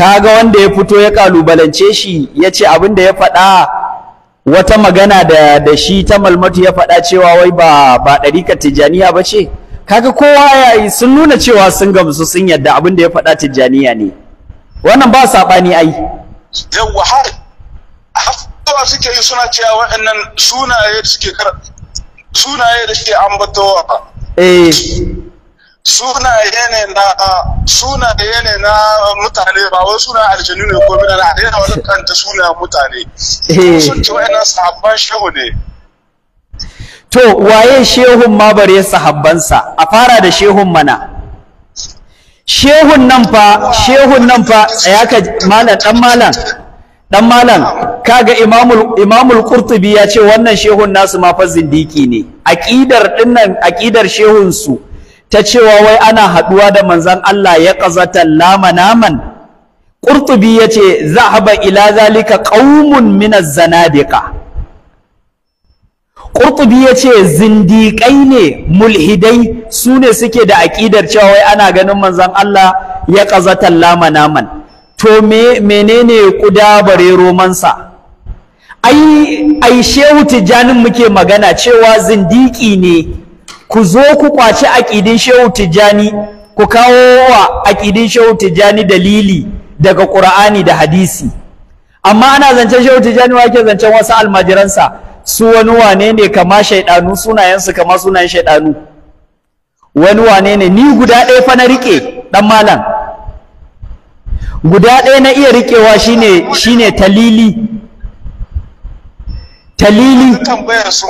kaga wanda ya fito ya kalubalance shi ya ce abin da ya faɗa wata magana da da shi ta malmatu ya faɗa cewa wai ba ba ɗarikar tijjaniya ba ce kaga kowa ya yi sun nuna cewa sun gamsu sun yadda abin da ya faɗa tijjaniya ne wannan ba saɓani ai yawwa har afuwa suke yi suna cewa waɗannan sunaye suke kar sunaye da suke ambatowa eh sunaye ne na sunaye ne na mutane ba wai suna aljanu ne ko mina na daina wani kanta suna mutane eh. sun ci wa'annan sahabban shehu ne to waye shehun ma bare sahabbansa a fara da shehun mana shehun nan fa shehun nan fa ya ka malam dan malam dan malam kaga imamul imamul qurtubi ya ce wannan shehun nasu ma fa zindiki ne aqidar dinnan aqidar shehun su ta cewa wai ana haɗuwa da manzan Allah ya ƙazata lama naman ƙurtubi ya ce za zahaba ila zalika ƙaumun minas zanadika ƙurtubi ya ce zindiƙai ne mulhidai su ne suke da aƙidar cewa wai ana ganin manzan Allah ya ƙazata lama naman to menene ƙuda bare romansa ai ai shehu tijjanin muke magana cewa zindiki ne ku zo ku kwaci aƙidin shehu tijjani ku kawo wa aƙidin shehu tijjani dalili daga ƙur'ani da hadisi amma ana zancen shehu tijjani wa ke zancen wasu almajiransa su wani wane ne kama shaidanu sunayensu kama sunayen shaidanu wani wane ne ni guda ɗaya fa na riƙe ɗan malam guda ɗaya na iya riƙewa shine shine talili talili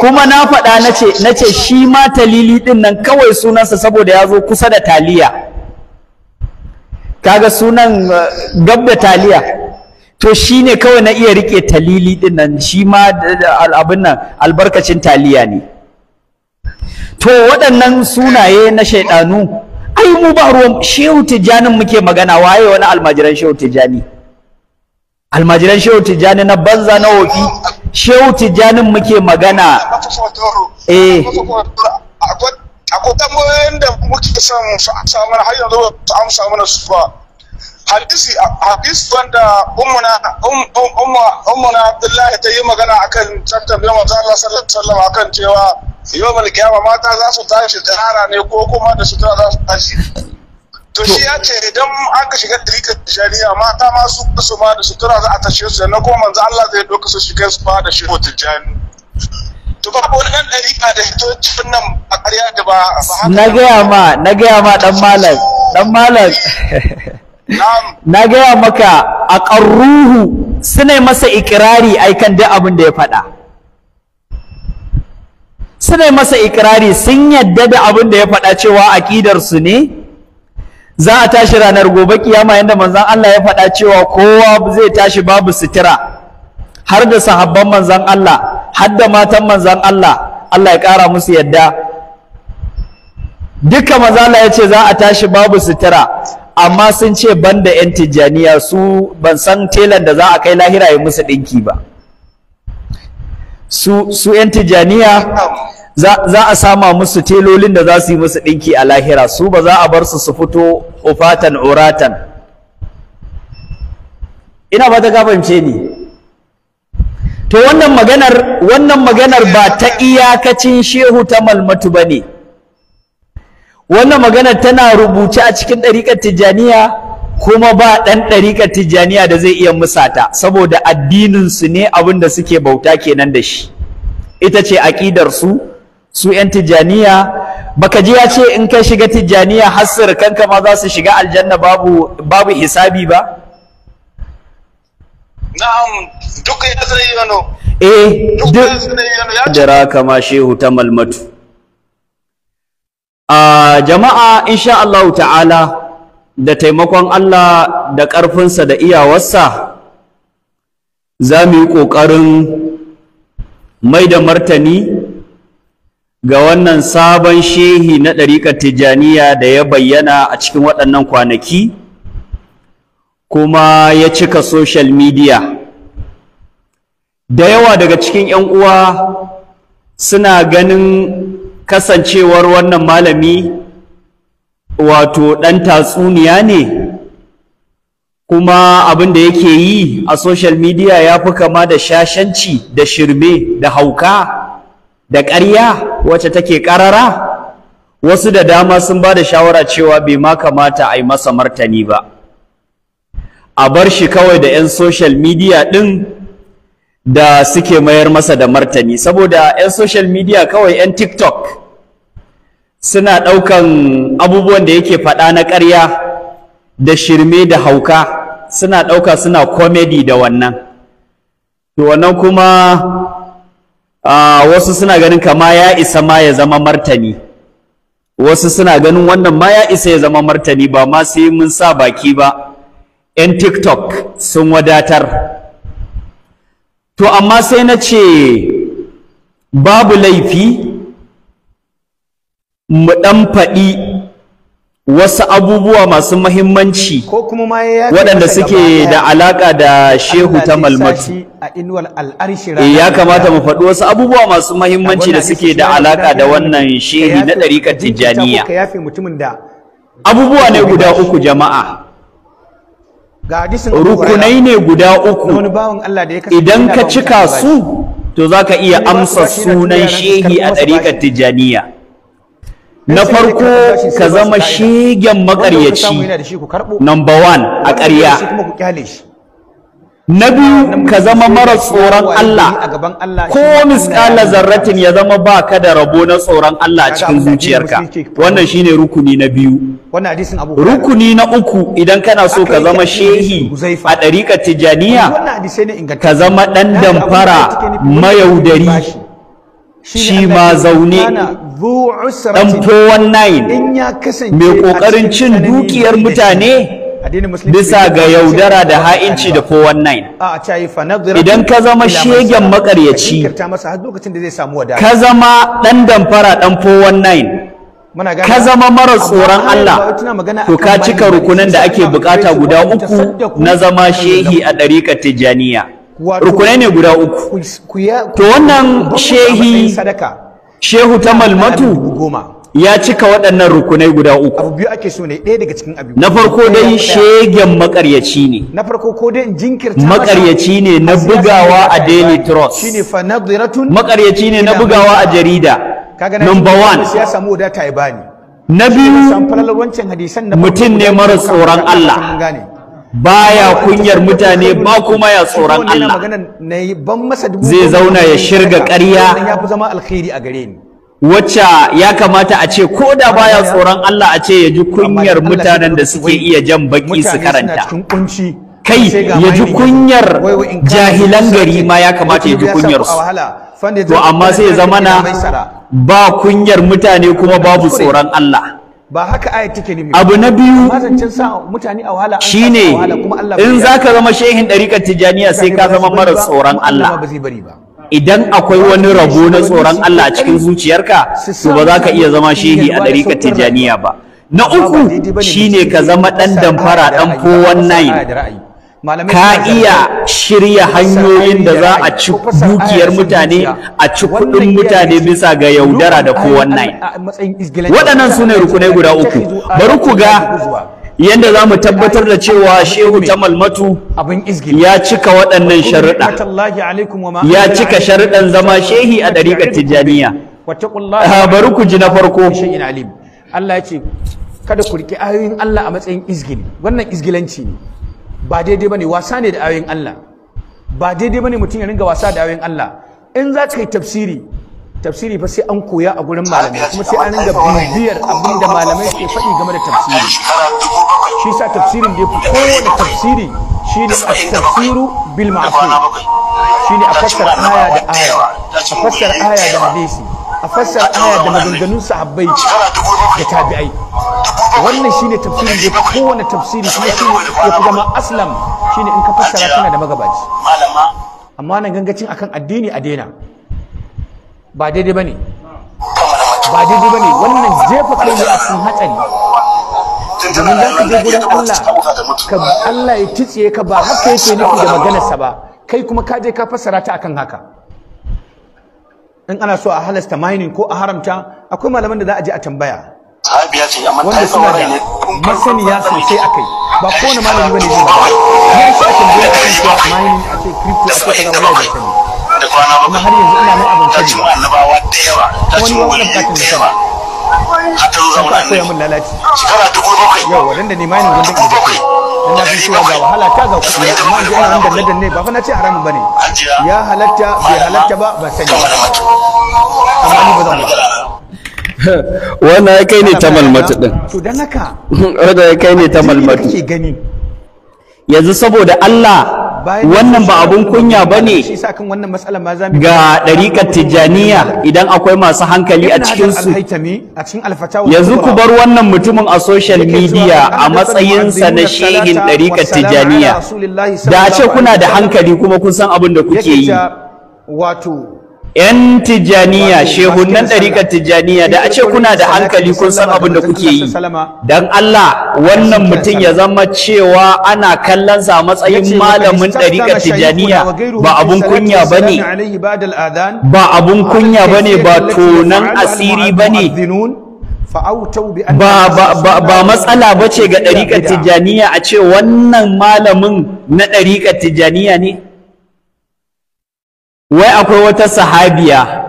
kuma na faɗa nace nace shi ma talili din nan kawai sunansa saboda ya zo kusa da taliya kaga sunan uh, gab taliya to shi kawai na iya rike talili din nan shi ma abin nan albarkacin taliya ne to waɗannan sunaye na shaidanu ai mu ba ruwan shehu tijanin muke magana waye wani almajiran shehu tijjani almajiran shehu tijjani na banza na wofi shehu tijanin muke magana eh akwai da muke son su har yanzu su um, um, abdullahi ta yi magana akan tantan da manzo akan cewa mata za su tashi ne ko kuma da sutura za su to shi ya ce idan aka shiga dirikar tijjaniya mata ma su su ma da sutura za a tashe su na kuma manzo Allah zai doka su shiga su ba da shigo tijjani to ba wani ɗan ɗarika da hito cikin nan a ƙarya da ba na gaya ma na gaya ma ɗan malam ɗan malam na gaya maka a ƙarruhu suna masa ikirari aikan duk abin da ya faɗa suna masa ikirari sun yadda da abin da ya faɗa cewa aƙidarsu ne za a tashi ranar gobe kiyama yadda manzon Allah ya faɗa cewa kowa zai tashi babu sitira har da sahabban manzon Allah har da matan manzon Allah Allah ya ƙara musu yadda duka maza ya ce za a tashi babu sitira amma sun ce banda 'yan tijjaniya su ban san telan da za a kai lahira ya musu ɗinki ba su 'yan tijjaniya za a sama musu telolin da za su yi musu ɗinki a lahira su ba za a bar su su fito ufatan uratan ina ba ta gafance ni to wannan maganar wannan maganar ba ta iyakacin shehu ta malmatu ba ne wannan maganar tana rubuce a cikin ɗariƙar tijjaniya kuma ba ɗan ɗariƙar tijjaniya da zai iya musata saboda addininsu ne abin da suke bauta kenan da shi ita ce aƙidarsu su 'yan tijjaniya baka ji ya ce in ka shiga tijjaniya hassar kanka ma za su shiga aljanna babu babu hisabi ba na'am duka ya zai eh duk dara kama shehu ta malmatu a ah, jama'a insha Allah ta'ala da taimakon Allah da ƙarfinsa da iyawarsa za mu yi ƙoƙarin mai da martani ga wannan sabon shehi na ɗariƙar tijjaniya da ya bayyana a cikin waɗannan kwanaki kuma ya cika social media da yawa daga cikin 'yan uwa suna ganin kasancewar wannan malami wato ɗan tatsuniya ne kuma abin da yake yi a social media ya fi kama da shashanci da shirme da hauka da ƙarya wacce take ƙarara wasu da dama sun ba da shawara cewa bai ma kamata a yi masa martani ba a bar shi kawai da 'yan social media ɗin da suke mayar masa da martani saboda 'yan social media kawai 'yan tiktok suna ɗaukan abubuwan da yake faɗa na ƙarya da shirme da hauka suna ɗauka suna komedi da wannan to wannan kuma Ah, wasu suna ganin kama ya isa ma ya zama martani wasu suna ganin wannan ma ya isa ya zama martani ba ma sai mun sa baki ba 'yan tiktok sun wadatar to amma sai na ce babu laifi mu ɗan faɗi wasu abubuwa masu mahimmanci waɗanda suke da alaƙa da shehu ta malmatu eh, ya kamata mu faɗi wasu abubuwa masu mahimmanci da suke da alaƙa da wannan shehi na ɗarikar tijjaniya abubuwa ne guda uku jama'a rukunai ne guda uku idan ka cika su to za ka iya amsa sunan shehi a ɗarikar tijjaniya na farko ka zama shigen makaryaci number one a ƙarya na biyu ka zama mara tsoron Allah ko misƙala zarratin ya zama ba ka da rabo na tsoron Allah a cikin zuciyarka wannan shine rukuni na biyu rukuni na uku idan kana so ka zama shehi a ɗarika tijaniya ka zama ɗan damfara mayaudari shi ma zaune Ɗan 419 in mai cin dukiyar mutane bisa ga yaudara da ha'inci da 419 idan ka zama shegen makaryaci ka zama ɗan damfara dan 419 ka zama mara tsoron Allah to ka cika rukunan da ake bukata guda uku na zama shehi a ɗarika tijjaniya rukunai ne guda uku to wannan shehi shehu ta malmatu ya cika waɗannan rukunai guda uku abu biyu ake so ne ɗaya daga cikin abu na farko dai shegen makaryaci ne na farko ko dai in jinkirta masu. makaryaci ne na bugawa a daily trust shine fa nadhiratun makaryaci ne na bugawa a jarida number one. ya samu wadata ya bani na biyu mutum ne mara tsoron Allah baya kunyar mutane ba kuma ya tsoron Allah zai zauna ya shirga ƙarya wacce ya kamata a ce ko da baya tsoron Allah a ce ya ji kunyar mutanen da suke iya jan baki su karanta kai ya ji kunyar jahilan gari ma ya kamata ya ji kunyar su to amma sai ya zama ba kunyar mutane kuma babu tsoron Allah ba haka take abu na biyu mazancin sa mutane a wahala shine in zaka zama shehin ɗarikar tijaniya sai ka zama mara tsoron Allah idan akwai wani rabo na tsoron Allah a cikin zuciyarka to ba za ka iya zama shehi a ɗarikar tijaniya ba na uku shine ka zama ɗan damfara dan 419 ka iya shirya hanyoyin da za a ci dukiyar mutane a ci kuɗin mutane bisa ga yaudara da wannan. waɗannan su ne rukunai guda uku bari ku ga yadda za mu tabbatar da cewa shehu ta malmatu ya cika waɗannan sharuɗa ya cika sharuɗan zama shehi a ɗariƙar tijjaniya ah, bari ku ji na farko Allah ya ce kada ku riƙe ayoyin Allah a matsayin izgili wannan izgilanci ne ba daidai bane wasa ne da ayoyin Allah ba daidai bane mutum ya ringa wasa da ayoyin Allah in za ka yi tafsiri tafsiri fa sai an koya a gurin malamai kuma sai an ringa bibiyar abin da malamai ke faɗi game da tafsiri shi sa tafsirin da ya fi kowane tafsiri shi ne a tafsiru bil ma'asu shi ne a fassara aya da aya a fassara aya da hadisi a fassara aya da maganganun sahabbai da tabi'ai wannan shine tafsirin da kowane tafsiri kuma shine ya fi zama aslam shine in ka fassara tana da magabaci amma nan gangacin akan addini a daina ba daidai bane ba daidai bane wannan jefa kai ne a cikin hatsari domin za ka je gurin Allah ka Allah ya titsiye ka ba haka yake nufi da maganarsa ba kai kuma ka je ka fassara ta akan haka in ana so a halasta mining ko a haramta akwai malaman da za a je a tambaya sahabiya ce amma ta tsawon rai ne masaniya sosai akai ba kowane malami bane zai ba ya shi ake biya a kan cewa mining a ce crypto a ce kaga wallahi ban sani da kwana ba har yanzu ina nan abin sani ba annabawa da yawa ta ci wani bukatun da sani hatta zo zama annabi lalaci shekara dubu bakwai yau wadanda ne mining wanda ke bakwai dan na fi cewa ga wahala ta ga kuɗi amma an ji ana nan danne danne ba fa na ce haramun bane ya halatta bai halatta ba ba sani amma ni ba zan ba wannan ya kai ne ta malmatu din to dan haka ya kai ne ta malmatu gani yanzu saboda Allah wannan ba abun kunya bane ga ɗariƙar tijjaniya idan akwai masu hankali a cikin su yanzu ku bar wannan mutumin a social media a matsayinsa na shehin ɗariƙar tijjaniya da a ce kuna da hankali kuma kun san abin da kuke yi wato yan tijaniya shehunan ɗarikar tijaniya da a ce kuna da hankali kun san abin da kuke yi don Allah wannan mutum ya zama cewa ana kallon sa matsayin malamin ɗarikar tijaniya ba abun kunya ba ne ba abun kunya ba ne ba tonan asiri ba ne ba matsala ba ce ga ɗarikar tijaniya a ce wannan malamin na ɗarikar tijaniya ne wai akwai wata sahabiya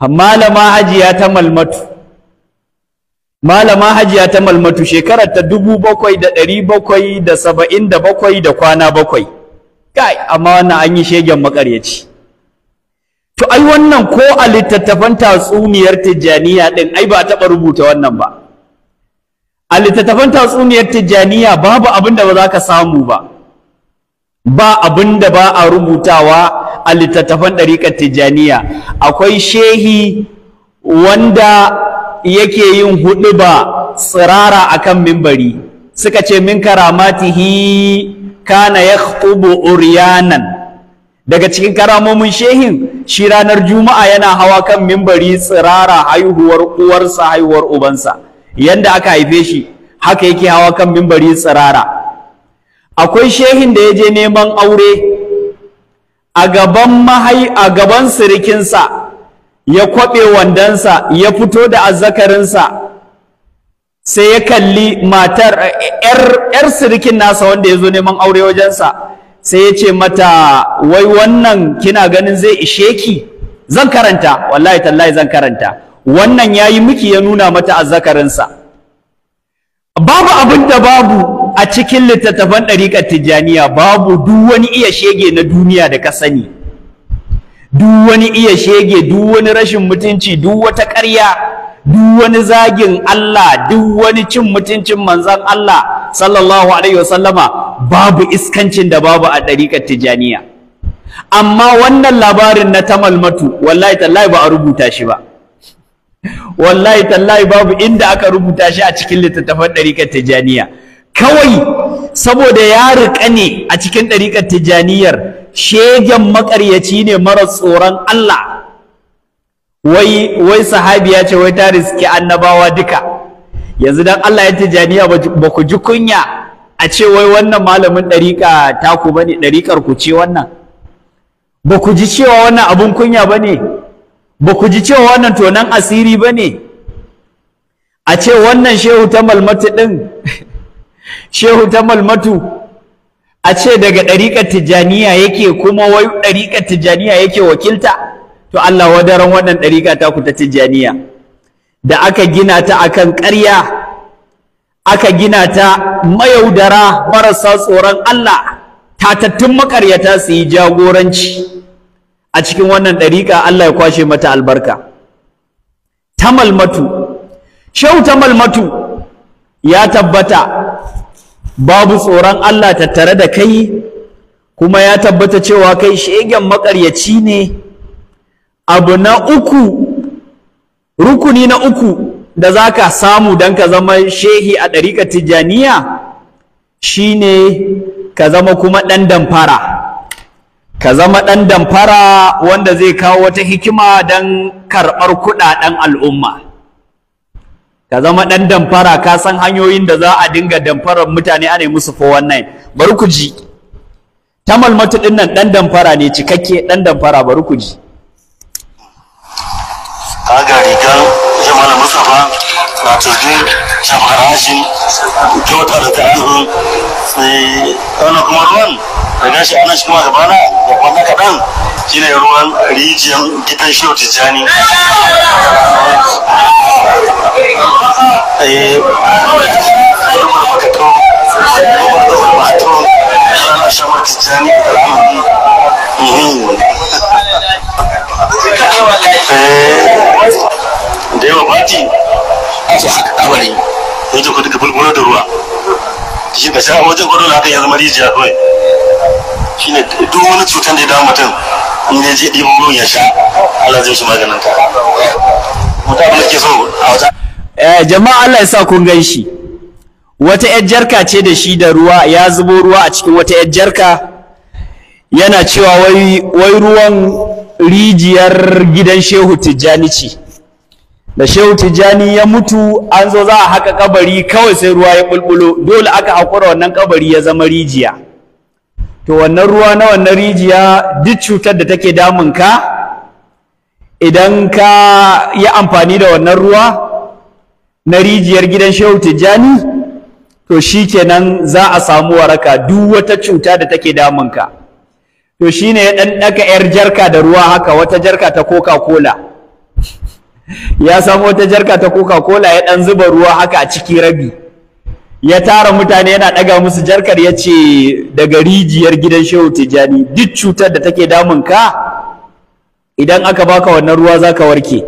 malama hajiya ta malmatu malama hajiya ta malmatu shekarar ta dubu bakwai da ɗari bakwai da saba'in da bakwai da kwana bakwai kai amma wannan an yi shegen makaryaci to ai wannan ko a littattafan tatsuniyar tijjaniya ɗin ai ba a taɓa rubuta wannan ba a littattafan tatsuniyar tijjaniya babu abin da ba za ka samu ba ba abin da ba a rubutawa a littattafan ɗariƙar tijjaniya akwai shehi wanda yake yin huɗu ba tsirara a kan mimbari suka ce min karamatihi kana ya uryanan daga cikin karamomin shehin shi ranar juma'a yana hawa kan mimbari tsirara haihuwar uwarsa haihuwar ubansa yanda aka haife shi haka yake hawa kan mimbari tsirara akwai shehin da ya je neman aure a gaban mahai a gaban sirikinsa ya kwaɓe wandonsa ya fito da azzakarinsa sai ya kalli matar ‘yar sirikin nasa wanda ya zo neman aure wajensa sai ya ce mata wai wannan kina ganin zai ishe ki zan karanta wallahi tallahi zan karanta wannan ya yi miki ya nuna mata azzakarinsa babu abin da babu a cikin littattafan ɗariƙar tijjaniya babu duk wani iya shege na duniya da ka sani duk wani iya shege duk wani rashin mutunci duk wata ƙarya duk wani zagin Allah duk wani cin mutuncin manzon Allah sallallahu alaihi wasallama babu iskancin da babu a ɗariƙar tijjaniya amma wannan labarin na tamalmatu wallahi tallahi ba a rubuta shi ba wallahi tallahi babu inda aka rubuta shi a cikin littattafan ɗariƙar tijjaniya kawai saboda ya riƙa ne a cikin ɗariƙar tijjaniyar shegen maƙaryaci ne mara tsoron Allah wai sahabi ya ce wai ta riski annabawa duka yanzu dan Allah ya tijjaniya ba ku ji kunya a ce wai wannan malamin ɗariƙa taku bane ɗariƙar ku ce wannan ba ku ji cewa wannan abun kunya bane ba ku ji cewa wannan tonan asiri bane a ce wannan shehu ta malmati ɗin shehu ta malmatu a ce daga ɗariƙar tijjaniya yake kuma wai ɗariƙar tijjaniya yake wakilta to Allah wadaran wannan ɗariƙa ta ku ta tijjaniya da aka gina ta akan ƙarya aka gina ta mayaudara marasa tsoron Allah tatattun makaryata su yi jagoranci a cikin wannan ɗariƙa Allah ya kwashe mata albarka ta malmatu shehu ta malmatu ya tabbata babu tsoron Allah tattare da kai kuma ya tabbata cewa kai shegen makaryaci ne abu na uku rukuni na uku da za ka samu don ka zama shehi a ɗarika tijjaniya shine ka zama kuma ɗan damfara ka zama ɗan damfara wanda zai kawo wata hikima don karɓar kuɗaɗen al'umma ka zama ɗan damfara ka san hanyoyin da za a dinga damfarar mutane ana musu 419 bari ku ji tamal matu ɗin nan ɗan damfara ne cikakke ɗan damfara bari ku ji strategy da farashi kyautar da ainihin sai wani kuma ruwan da gashi shi kuma gabana da kuma kaɗan shine ruwan rijiyar gidan shiyo tijjani eh, eh, da yawa baki wajen da haka ya zama duk wani cutar da ya mutum ya sha Allah shi maganin ka abin da ke so a eh, jama'a Allah ya sa kun gan shi wata yar jarka ce da shi da ruwa ya zubo ruwa a cikin wata yar jarka yana cewa wai ruwan rijiyar gidan shehu tijjani ce da shehu tijjani ya mutu an zo za a haka kabari kawai sai ruwa ya bulbulo dole aka haƙura wannan kabari ya zama rijiya to wannan ruwa na wannan rijiya duk cutar da take damun ka idan ka yi amfani da wannan ruwa na rijiyar gidan shehu tijjani to shi kenan za a samu waraka duk wata cuta da take damun ka to shine ya dan daka 'yar jarka da ruwa haka wata jarka ta coca cola ya samu wata jarka ta coca cola ya ɗan zuba ruwa haka a ciki rabi ya tara mutane yana ɗaga musu jarkar ya ce daga rijiyar gidan shehu tijjani duk cutar da take damun ka idan aka baka wannan ruwa za ka warke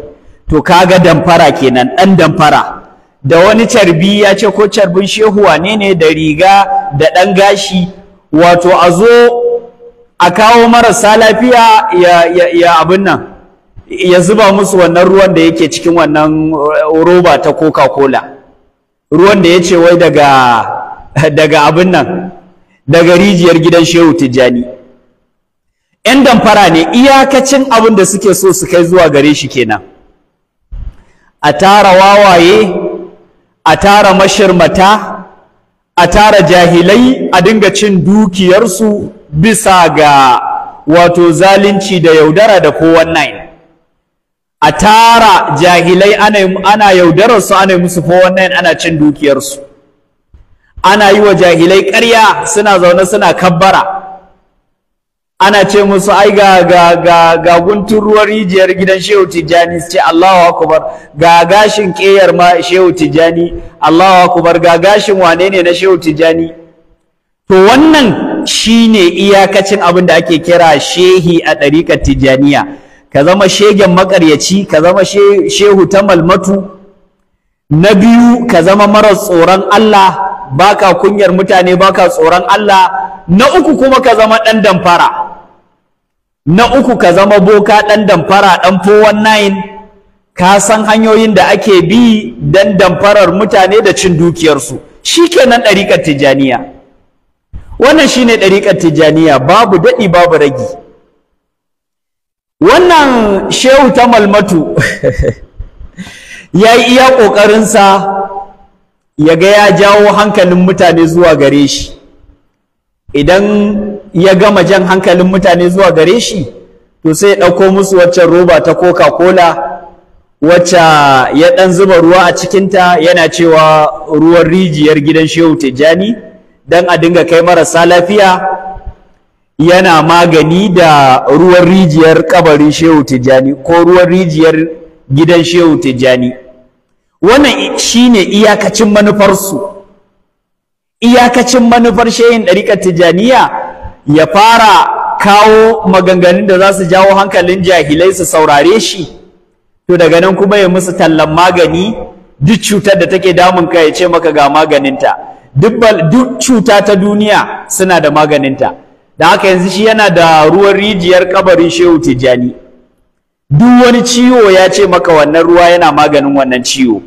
to kaga damfara kenan ɗan damfara da wani carbi ya ce ko carbin shehu wane ne da riga da ɗan gashi wato a zo a kawo marasa lafiya ya abin nan ya zuba musu wannan ruwan da yake cikin wannan uh, roba ta coca-cola ruwan da ya ce wai daga abin nan daga rijiyar gidan shehu tijjani 'yan damfara ne iyakacin abin da suke so su kai zuwa gare shi kenan a tara wawaye a tara mashirmata a tara jahilai a dinga cin dukiyarsu bisa ga wato zalunci da yaudara da kowannan a tara jahilai ana yaudararsu ana yi musu wannan ana cin dukiyarsu ana yi wa jahilai ƙarya suna zaune suna kabbara ana ce musu ai ga ga guntun ruwan rijiyar gidan shehu tijjani ce Allahu akubar! ga gashin ƙeyar ma shehu tijjani Allahu akbar ga gashin wane ne na shehu tijjani to wannan shine iyakacin abin da ake kira shehi a ɗarikar tijjaniya ka zama shegen makaryaci ka zama shehu ta malmatu na biyu ka zama marar tsoron Allah baka kunyar mutane baka tsoron Allah na uku kuma ka zama ɗan damfara na uku ka zama boka ɗan damfara ɗan 419 ka san hanyoyin da ake bi don damfarar mutane da cin dukiyarsu shi kenan ɗariƙar tijjaniya wannan shine ɗariƙar tijjaniya babu daɗi babu ragi wannan shehu ta malmatu ya yi iya ƙoƙarinsa ya ga ya jawo hankalin mutane zuwa gare shi idan ya gama jan hankalin mutane zuwa gare shi to sai ya ɗauko musu waccan roba ta coca-cola wacce ya ɗan zuba ruwa a cikinta yana cewa ruwan rijiyar gidan shehu tijjani don a dinga kai marasa lafiya yana magani da ruwan rijiyar kabarin shehu tijjani ko ruwan rijiyar gidan shehu tijjani wannan shine iyakacin manufarsu iyakacin manufar shehin ɗariƙar tijjaniya ya fara kawo maganganun da za su jawo hankalin jahilai su saurare shi to daga nan kuma ya musu tallan magani duk cutar da take damun ka ya ce maka ga maganinta duk cuta ta duniya suna da maganinta da haka yanzu shi yana da ruwan rijiyar kabarin shehu tijjani duk wani ciwo ya ce maka wannan ruwa yana maganin wannan ciwo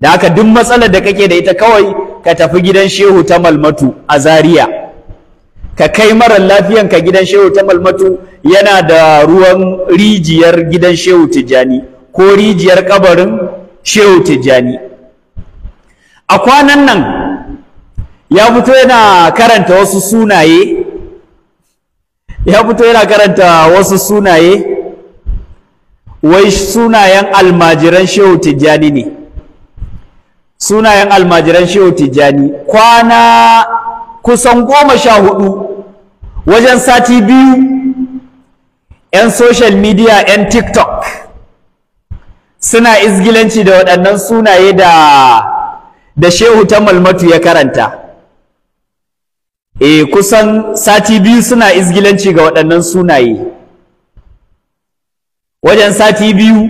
da haka duk matsalar da kake da ita kawai ka tafi gidan shehu ta malmatu a zaria ka kai marar lafiyan ka gidan shehu ta malmatu yana da ruwan rijiyar gidan shehu tijjani ko rijiyar kabarin shehu tijjani a kwanan nan ya fito yana karanta wasu sunaye ya fito yana karanta wasu sunaye wai sunayen almajiran shehu tijjani ne sunayen almajiran shehu tijjani kwana kusan goma sha hudu wajen sati biyu 'yan social media 'yan tiktok suna izgilanci da waɗannan sunaye da da shehu ta malmatu ya karanta e kusan sati biyu suna izgilanci ga waɗannan sunaye wajen sati biyu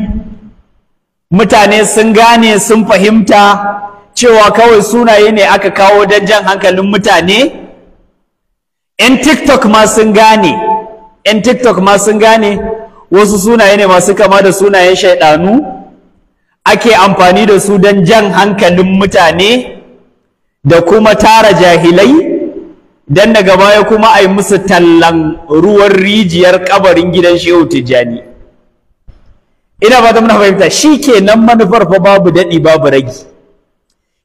mutane sun gane sun fahimta cewa kawai sunaye ne aka kawo don jan hankalin mutane 'yan tiktok ma sun gane 'yan tiktok ma sun gane wasu sunaye ne masu kama da sunayen shaidanu ake amfani da su don jan hankalin mutane da kuma tara jahilai dan daga baya kuma a yi musu tallan ruwan rijiyar kabarin gidan shehu tijjani ina ba ta muna fahimta shi kenan manufar fa babu daɗi babu ragi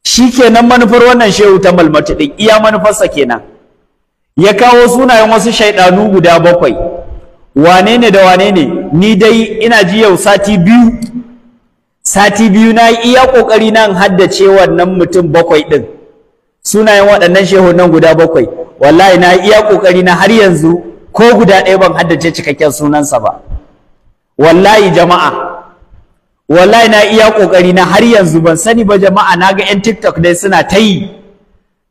shi kenan manufar wannan shehu ta malmatu ɗin iya manufarsa kenan ya kawo sunayen wasu shaiɗanu guda bakwai wane ne da wane ne ni dai ina ji yau sati biyu sati biyu na iya ƙoƙari nan haddace wannan mutum bakwai ɗin sunayen waɗannan Shehu nan guda bakwai wallahi na iya kokari na har yanzu ko guda ɗaya ban haddace cikakken sunansa ba wallahi jama'a wallahi na iya kokari na har yanzu ban sani ba jama'a na ga 'yan tiktok dai suna ta yi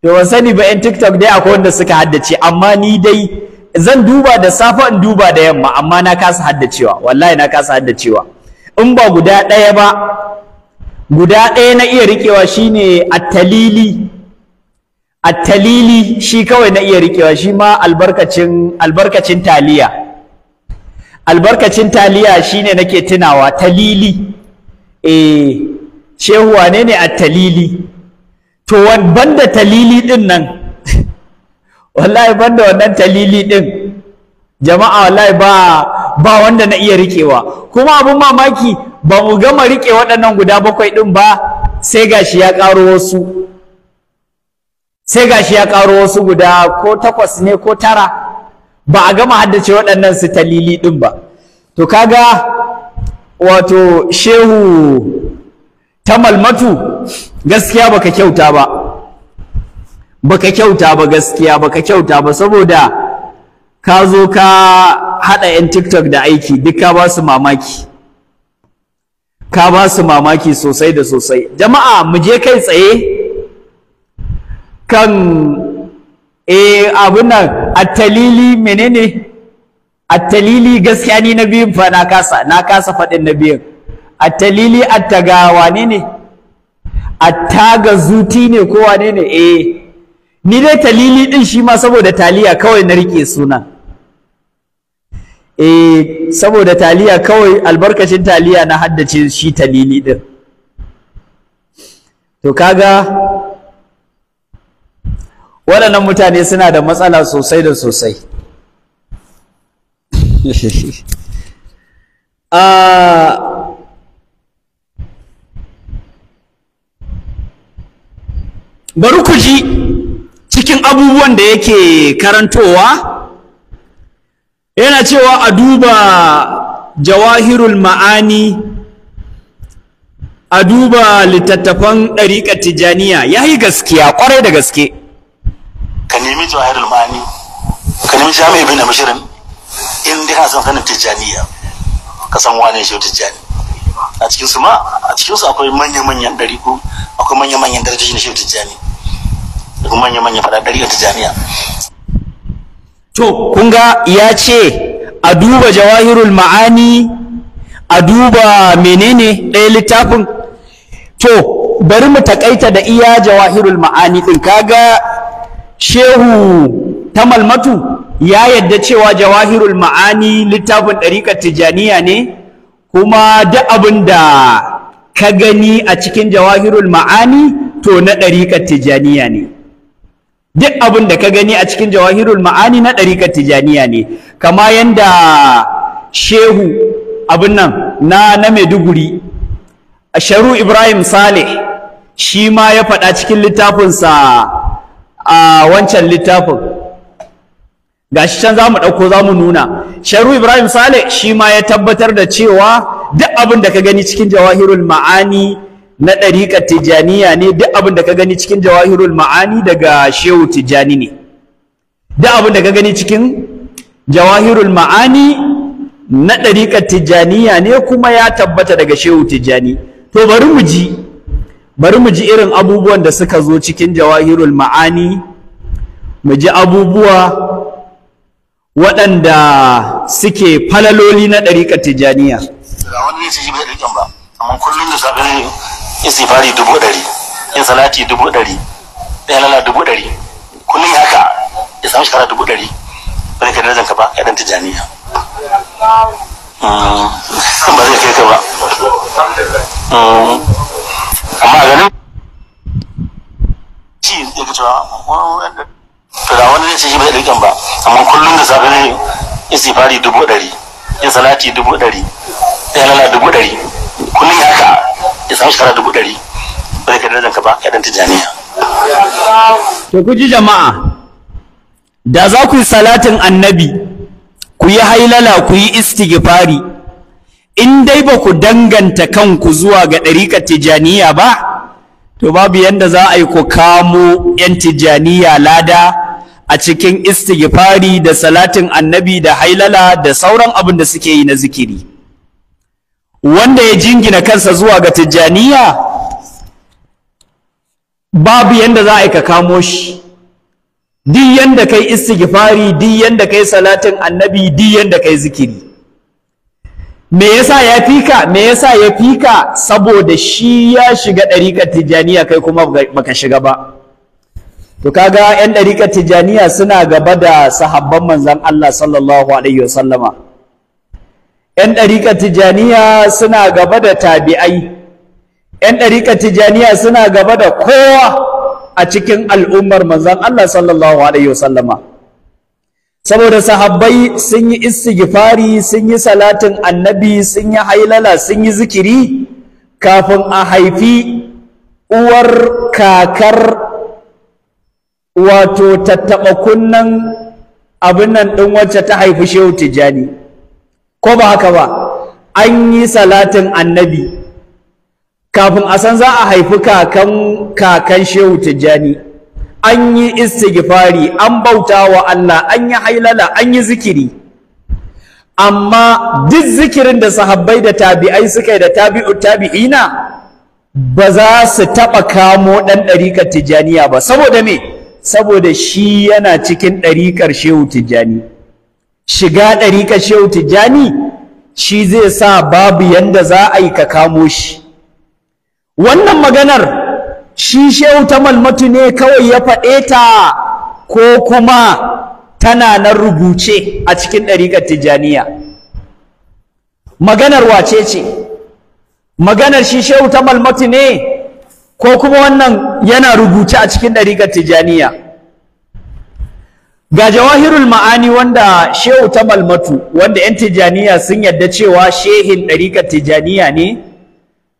to ban sani ba 'yan tiktok dai akwai wanda suka haddace amma ni dai zan duba da safe in duba da yamma amma na kasa haddacewa wallahi na kasa haddacewa in ba guda ɗaya ba guda ɗaya na iya riƙewa shine at-talili at-talili shi kawai na iya riƙewa, shi ma albarkacin albarkacin taliya albarkacin taliya shine nake tunawa talili eh shehu wane ne at-talili to banda talili din nan wallahi banda wannan talili din jama'a wallahi ba ba wanda na iya riƙewa. kuma abun mamaki ba mu gama riƙe waɗannan guda bakwai din ba sai gashi ya ƙaro wasu sai gashi ya ƙaro wasu guda ko takwas ne ko tara ba a gama haddace waɗannan su talili ɗin ba to kaga wato shehu ta malmatu gaskiya baka kyauta ba baka kyauta ba gaskiya baka kyauta ba saboda ka zo ka haɗa 'yan tiktok da aiki duk ka ba su mamaki ka ba su mamaki sosai da sosai jama'a mu je kai tsaye kan eh abin nan a talili menene A talili gaskiya ni na biyun fa na kasa na kasa faɗin na biyun A talili taga wane ne A taga zuti ne ko wane ne eh ni dai talili din shi ma saboda taliya kawai na rike suna eh saboda taliya kawai albarkacin taliya na haddace shi talili din to kaga waɗannan mutane suna da matsala sosai da sosai ah, bari ku ji cikin abubuwan da yake karantowa yana cewa a duba jawahirul ma'ani a duba littattafan ɗariƙar Tijaniya, ya yi gaskiya ƙwarai da gaske nemi al ma'ani ka nemi jami'i bin amshirin in dai kana son sanin tijjaniya ka san wane shi tijjani a cikin su ma a cikin su akwai manya-manyan dari ko akwai manya-manyan darajoji na shi tijjani da kuma manya-manyan fada dari tijjaniya to kun ga ya ce a duba jawahirul ma'ani a duba menene ɗaya littafin to bari mu takaita da iya jawahirul ma'ani ɗin kaga shehu tamalmatu ya yadda cewa jawahirul ma'ani littafin ɗariƙar tijaniya ne kuma duk abin da ka gani a cikin jawahirul ma'ani to na ɗariƙar tijaniya ne duk abin da ka gani a cikin jawahirul ma'ani na ɗariƙar tijaniya ne kama yanda shehu abin nan na na maiduguri sharu ibrahim saleh shi ma ya faɗa cikin littafinsa a wancan littafin ga shi can za mu ɗauko za mu nuna sharu ibrahim saleh shi ma ya tabbatar da cewa duk abin da ka gani cikin jawahirul ma'ani na ɗariƙar tijjaniya ne duk abin da ka gani cikin jawahirul ma'ani daga shehu tijjani ne duk abin da ka gani cikin jawahirul ma'ani na ɗariƙar tijjaniya ne kuma ya tabbata daga shehu tijjani to bari mu ji bari mu ji irin abubuwan da suka zo cikin jawahirul ma'ani mu ji abubuwa waɗanda suke falaloli na ɗariƙar Tijaniya. wani ne shi bai ɗariƙan ba amma kullum da safe istifari dubu ɗari yin salati dubu ɗari ɗaya lala dubu ɗari kullum haka ya samu shekara dubu ɗari bane ka darajar ka ba ya ɗan tijjaniya hmm. ba zai kai ka ba hmm. amma ganin shi ya ga cewa da wani zai ce shi bai da ɗaukan ba amma kullum da safe ne istifari dubu ɗari yin salati dubu ɗari ya lala dubu ɗari kullum ya ka ya samu shekara dubu ɗari ba zai kaɗa ka ba ya ɗan tijaniya. to ku ji jama'a da za ku yi salatin annabi ku yi hailala ku yi istighfari in dai ba ku danganta kanku zuwa ga ɗariƙar tijaniya ba to babu yadda za a yi ku kamo 'yan tijaniya lada a cikin istighfari da salatin annabi da hailala da sauran abin da suke yi na zikiri wanda ya jingina kansa zuwa ga tijaniya babu yadda za a yi ka kamo shi duk da kai istighfari duk da kai salatin annabi duk da kai zikiri me yasa ya fika me yasa ya fika saboda shi ya shiga ɗariƙar tijaniya kai kuma baka shiga ba to kaga yan ɗariƙar tijaniya suna gaba da sahabban manzon Allah sallallahu alaihi wasallama yan ɗariƙar tijaniya suna gaba da tabi'ai yan ɗariƙar tijaniya suna gaba da kowa a cikin al'ummar manzon Allah sallallahu alaihi wasallama saboda sahabbai sun yi istighfari sun yi salatin annabi sun yi hailala sun yi zikiri kafin a haifi uwar kakar wato tattaɓa kunnan abin nan ɗin wacce ta haifi shehu tijjani ko ba haka ba an yi salatin annabi kafin a san za a haifi kakan kakan shehu tijjani an yi istighfari an bauta wa Allah an yi hailala an yi zikiri amma duk zikirin da sahabbai da tabi'ai suka yi da tabi'u tabi'ina ba za su taɓa kamo ɗan dariƙar tijaniya ba saboda me saboda shi yana cikin ɗarikar shehu tijani shiga dariƙar shehu tijani shi zai sa babu yanda za a yi ka kamo shi wannan maganar shi shehu ta malmatu ne kawai ya faɗe ta ko kuma tana na rubuce a cikin ɗariƙar tijjaniya maganar wace ce maganar shi shehu ta malmatu ne ko kuma wannan yana rubuce a cikin ɗariƙar tijjaniya ga jawahirul ma'ani wanda shehu ta malmatu wanda 'yan tijjaniya sun yarda cewa shehin ɗariƙar tijjaniya ne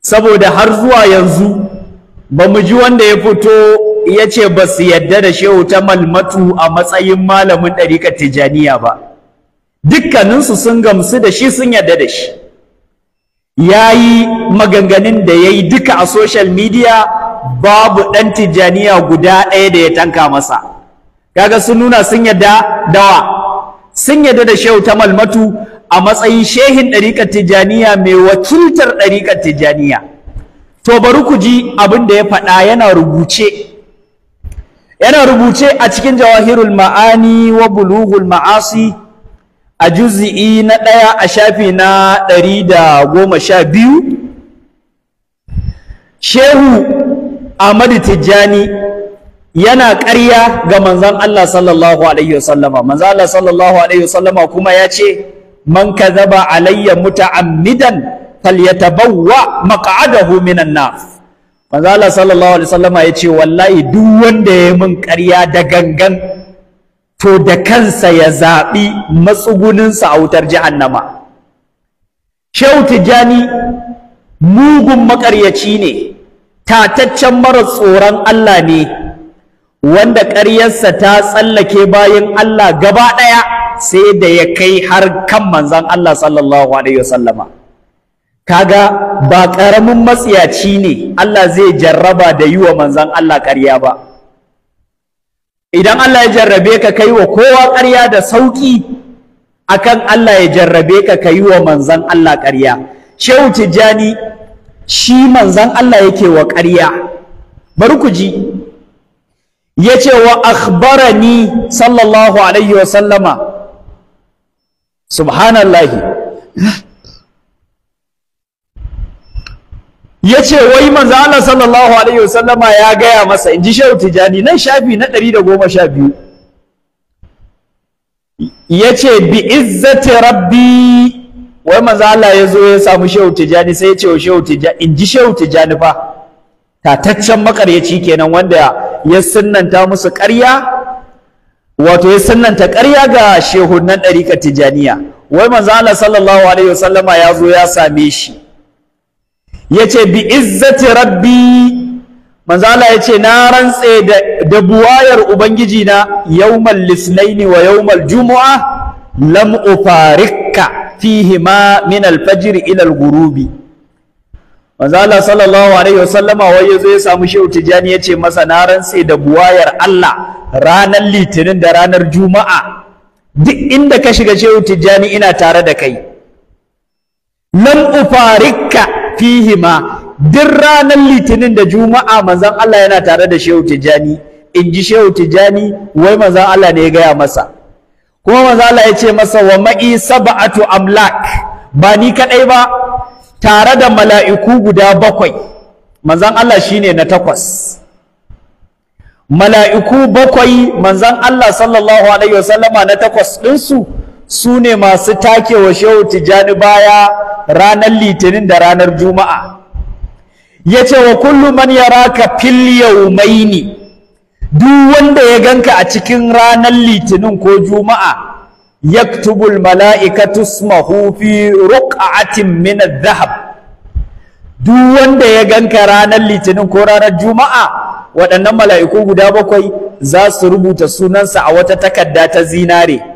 saboda har zuwa yanzu ba mu ji wanda ya fito ya ce ba su yadda da shehu ta malmatu a matsayin malamin ɗarikar tijaniya ba dukkaninsu sun gamsu da shi sun yadda da shi ya yi maganganun da ya yi duka a social media babu ɗan tijaniya guda ɗaya da ya tanka masa kaga sun nuna sun yadda dawa sun yadda da shehu ta malmatu a matsayin shehin ɗarikar tijaniya mai wakiltar ɗarikar tijaniya to bari ku ji abin da ya faɗa yana rubuce yana rubuce a cikin jawahirul ma'ani wa bulughul ma'asi a juz'i na ɗaya a shafi na ɗari da goma sha biyu shehu ahmadu tijjani yana ƙarya ga manzan allah sallallahu alaihi wasallama manzan allah sallallahu alaihi wasallama kuma ya ce man kazaba alayya muta'ammidan falyatabawwa maq'adahu minan nar manzo Allah sallallahu alaihi wasallama yace wallahi duk wanda ya min ƙarya da gangan to da kansa ya zaɓi matsuguninsa a wutar jahannama shehu tijjani mugun maƙaryaci ne tataccen mara tsoron Allah ne wanda ƙaryarsa ta tsallake bayan Allah gaba ɗaya sai da ya kai har kan manzon Allah sallallahu alaihi wasallama kaga ba ƙaramin matsiyaci ne Allah zai jarraba da yi wa manzan Allah ƙarya ba idan Allah ya jarrabe ka kai wa kowa ƙarya da sauƙi akan Allah ya jarrabe ka kai wa manzan Allah ƙarya shehu tijjani shi manzan Allah yake wa ƙarya bari ku ji ya ce wa akhbarani sallallahu alaihi wa sallama subhanallahi ya ce wai manzo Allah sallallahu alaihi wasallama ya gaya masa in ji shehu tijani nan shafi na ɗari da goma sha biyu ya ce bi izzati rabbi wai manzo Allah ya zo ya samu shehu tijani sai ya ce wa shehu tijani in ji shehu tijani fa tataccen makaryaci kenan wanda ya sunnanta musu ƙarya wato ya sunnanta ƙarya ga ɗari ka tijaniya wai manzo Allah sallallahu alaihi wasallama ya zo ya same shi yace bi izzati rabbi Manzala ya yace na rantse da buwayar ubangiji na yawmal lisnaini wa yawmal jumu'a lam ufarikka fihima min al ila al sallallahu alaihi wasallama wai yazo ya samu Shehu Tijani yace masa na rantse da buwayar Allah ranar litinin da ranar juma'a duk inda ka shiga Shehu Tijani ina tare da kai lam ufarikka fihima duk ranar litinin da juma'a manzon Allah yana tare da shehu tijani in ji shehu tijani wai manzon Allah ne ya gaya masa kuma manzon Allah ya ce masa wa ma'i sab'atu amlak ba ni kadai ba tare da mala'iku guda bakwai manzon Allah shine na takwas mala'iku bakwai manzon Allah sallallahu alaihi wasallama na takwas ɗinsu su ne masu take wa shehu tijjani baya ranar litinin da ranar juma'a ya ce wa kullum man raka fil yaumaini duk wanda ya ganka a cikin ranar litinin ko juma'a yaktubul mala'ikatu ismahu fi a min adh-dhahab duk wanda ya ganka ranar litinin ko ranar juma'a waɗannan mala'iku guda bakwai za su rubuta sunansa a wata takarda ta zinare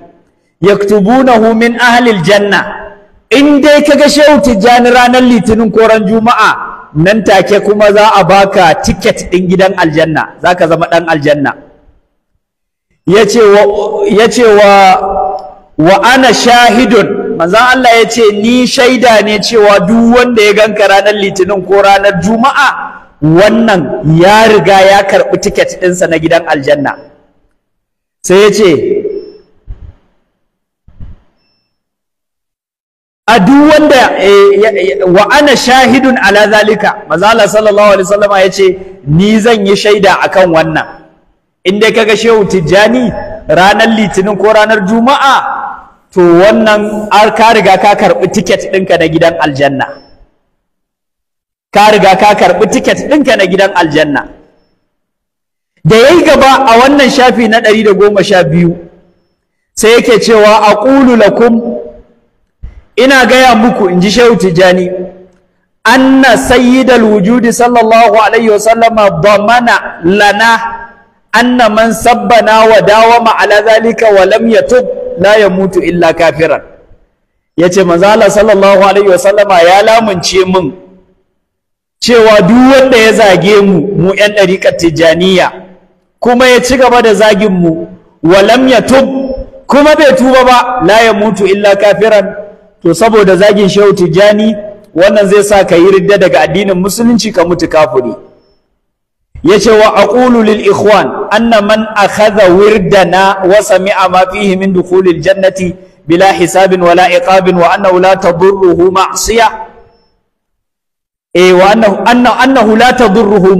yaktubunahu min ahlil janna in dai kaga shehu tijjani ranar litinin ko juma'a nan take kuma za a baka ticket din gidan aljanna zaka zama dan aljanna yace wa wa wa ana shahidun manzon Allah yace ni shaida ne cewa duk wanda ya ganka ranar litinin ko ranar juma'a wannan ya riga ya karbi ticket ɗinsa na gidan aljanna sai yace. a duk wanda eh, wa ana shahidun ala zalika manzo Allah sallallahu alaihi wasallama yace ni zan yi shaida akan wannan in dai kaga shehu tijjani ranar litinin ko ranar juma'a to wannan ar ka riga ka karbi ticket ɗinka na gidan aljanna ka riga ka karbi ticket dinka na gidan aljanna da yayi gaba a wannan shafi na 112 sai yake cewa aqulu lakum ina gaya muku in ji shehu tijjani anna sayyidal wujudi sallallahu alaihi Ba damana lana anna man sabbana wa dawama ala zalika wa lam yatub la yamutu illa kafiran yace manzo Allah sallallahu alaihi sallama ya lamunce mun cewa duk wanda ya zage mu mu yan ɗarikar tijaniya kuma ya ci gaba da zagin mu wa lam yatub kuma bai tuba ba la mutu illa kafiran to saboda zagin shehu tijjani wannan zai sa ka yi ridda daga addinin musulunci ka mutu kafuri ya ce wa aqulu lil ikhwan anna man akhadha wirdana wa sami'a ma fihi min dukhulil jannati bila hisabin wala iqabin wa annahu la tadurruhu eh wa annahu annahu la tadurruhu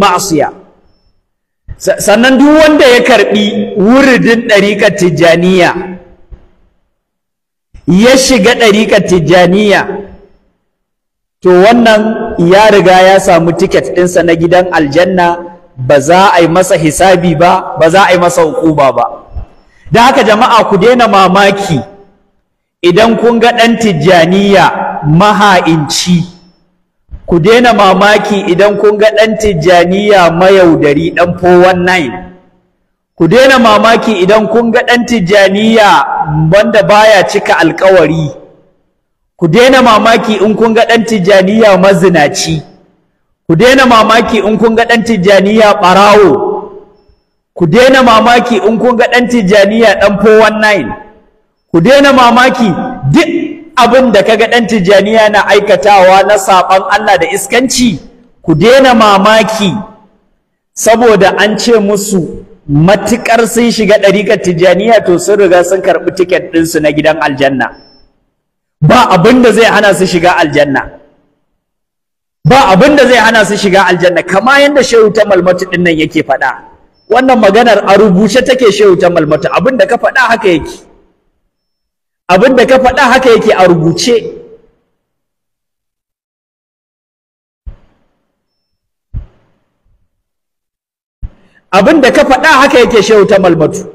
sannan duk wanda ya karbi wuridin ɗarikar Tijaniya. ya shiga ɗariƙar tijjaniya to wannan ya riga ya samu tiket ɗinsa na gidan aljanna ba za a yi masa hisabi ba ba za a yi masa hukuma ba da haka jama'a ku daina mamaki idan kun ga ɗan tijjaniya maha'inci ku daina mamaki idan kun ga ɗan tijjaniya mayaudari ɗan 419 ku daina mamaki idan kun ga ɗan tijjaniya wanda baya cika alkawari ku daina mamaki in kun ga ɗan tijjaniya mazinaci ku daina mamaki in kun ga ɗan tijjaniya ɓarawo ku daina mamaki in kun ga ɗan tijjaniya ɗan 419 ku daina mamaki duk abin da kaga ɗan tijjaniya na aikatawa na saɓan Allah da iskanci ku daina mamaki saboda an ce musu matukar sun shiga ɗariƙar tijjaniya to sun riga sun karɓi tiket ɗinsu na gidan aljanna ba abin da zai hana su shiga aljanna ba abin da zai hana su shiga aljanna kama yadda shehu ta malmatu ɗin nan yake faɗa wannan maganar a rubuce take shehu ta malmatu abin da ka faɗa haka yake abin ka faɗa haka yake a rubuce abin da ka faɗa haka yake shehu ta malmatu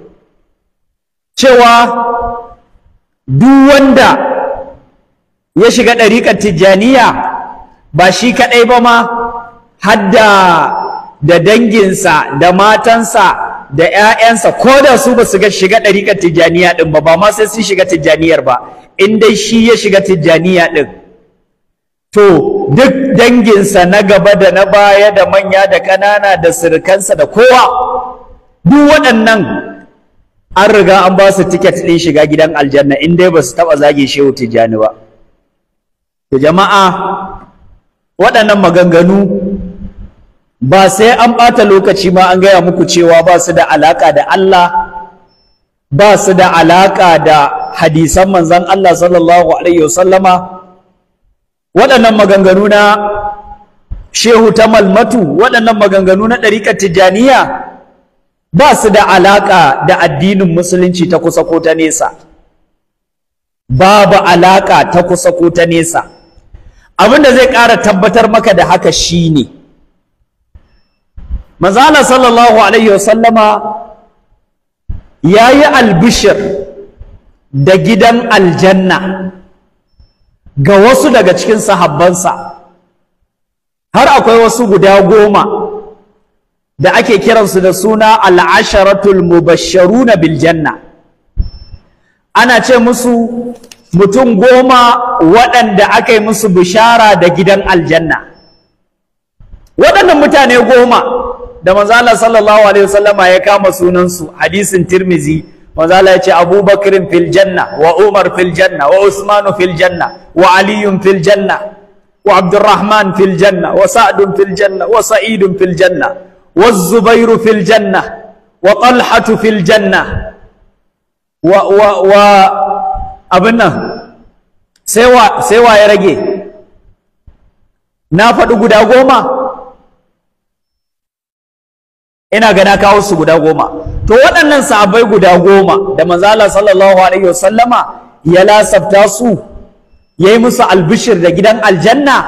cewa duk wanda ya shiga ɗariƙar tijjaniya ba shi kaɗai ba ma hadda da danginsa da matansa da 'ya'yansa ko da su ba su shiga ɗariƙar tijjaniya ɗin ba ba ma sai sun shiga tijjaniyar ba in dai shi ya shiga tijjaniya ɗin to duk danginsa na gaba da na baya da manya da ƙanana da sirkansa da kowa duk waɗannan an riga an ba su tiket ɗin shiga gidan aljanna in dai ba su taɓa zage shehu tijjani ba Da jama'a waɗannan maganganu ba sai an ɓata lokaci ma an gaya muku cewa ba su da alaƙa da Allah ba su da alaƙa da hadisan manzon Allah sallallahu alaihi wasallama waɗannan maganganu na shehu ta malmatu waɗannan maganganu na ɗariƙar tijjaniya ba su da alaƙa da addinin musulunci ta kusa ko ta nesa babu alaƙa ta kusa ko ta nesa abin da zai ƙara tabbatar maka da haka ne. manzala sallallahu alaihi wasallama ya yi albishir da gidan aljanna ga wasu daga cikin sahabbansa har akwai wasu guda goma da ake kiransu da suna al'asharatul mubashsharuna na Biljanna. ana ce musu mutum goma waɗanda aka yi musu bishara da gidan aljanna waɗannan mutane goma da manzo Allah sallallahu alaihi wasallama ya kama sunansu hadisin Tirmizi manzo Allah ya ce Abubakar fil janna wa Umar fil janna wa Usman fil janna wa Ali fil janna wa Abdurrahman fil janna wa Sa'd fil janna wa Sa'id fil janna wa Zubair fil janna wa Talha fil janna wa wa wa abin nan sai wa sai wa ya rage na faɗi guda goma ina ga na kawo su guda goma to waɗannan sahabbai guda goma da manzala sallallahu alaihi wasallama ya lasafta su ya yi musu albishir da gidan aljanna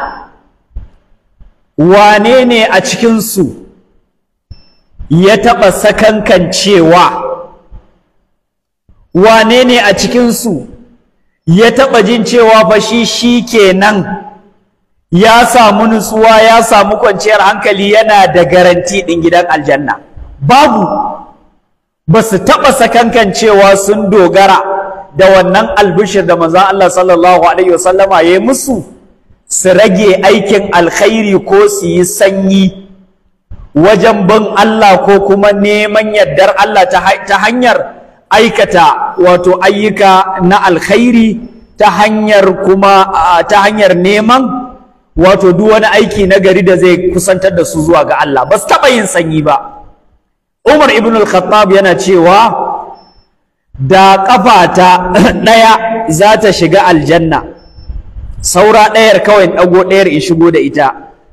wane ne a cikinsu ya taɓa sakankan cewa wane ne a cikinsu ya taɓa jin cewa fa shi shi nan? ya samu nutsuwa ya samu kwanciyar hankali yana da garanti ɗin gidan aljanna babu ba su taɓa sakankancewa sun dogara da wannan albishir da manzan Allah sallallahu alaihi wasallama ya yi musu su rage aikin alkhairi ko su yi sanyi wajen bin Allah ko kuma neman yardar Allah ta hanyar aikata wato ayyuka na alkhairi ta hanyar kuma ta hanyar neman wato duk wani aiki na gari da zai kusantar da su zuwa ga Allah ba su taɓa yin sanyi ba Umar ibn al-Khattab yana cewa da ƙafata ɗaya za ta shiga aljanna saura ɗayar kawai in ɗago ɗayar in shigo da ita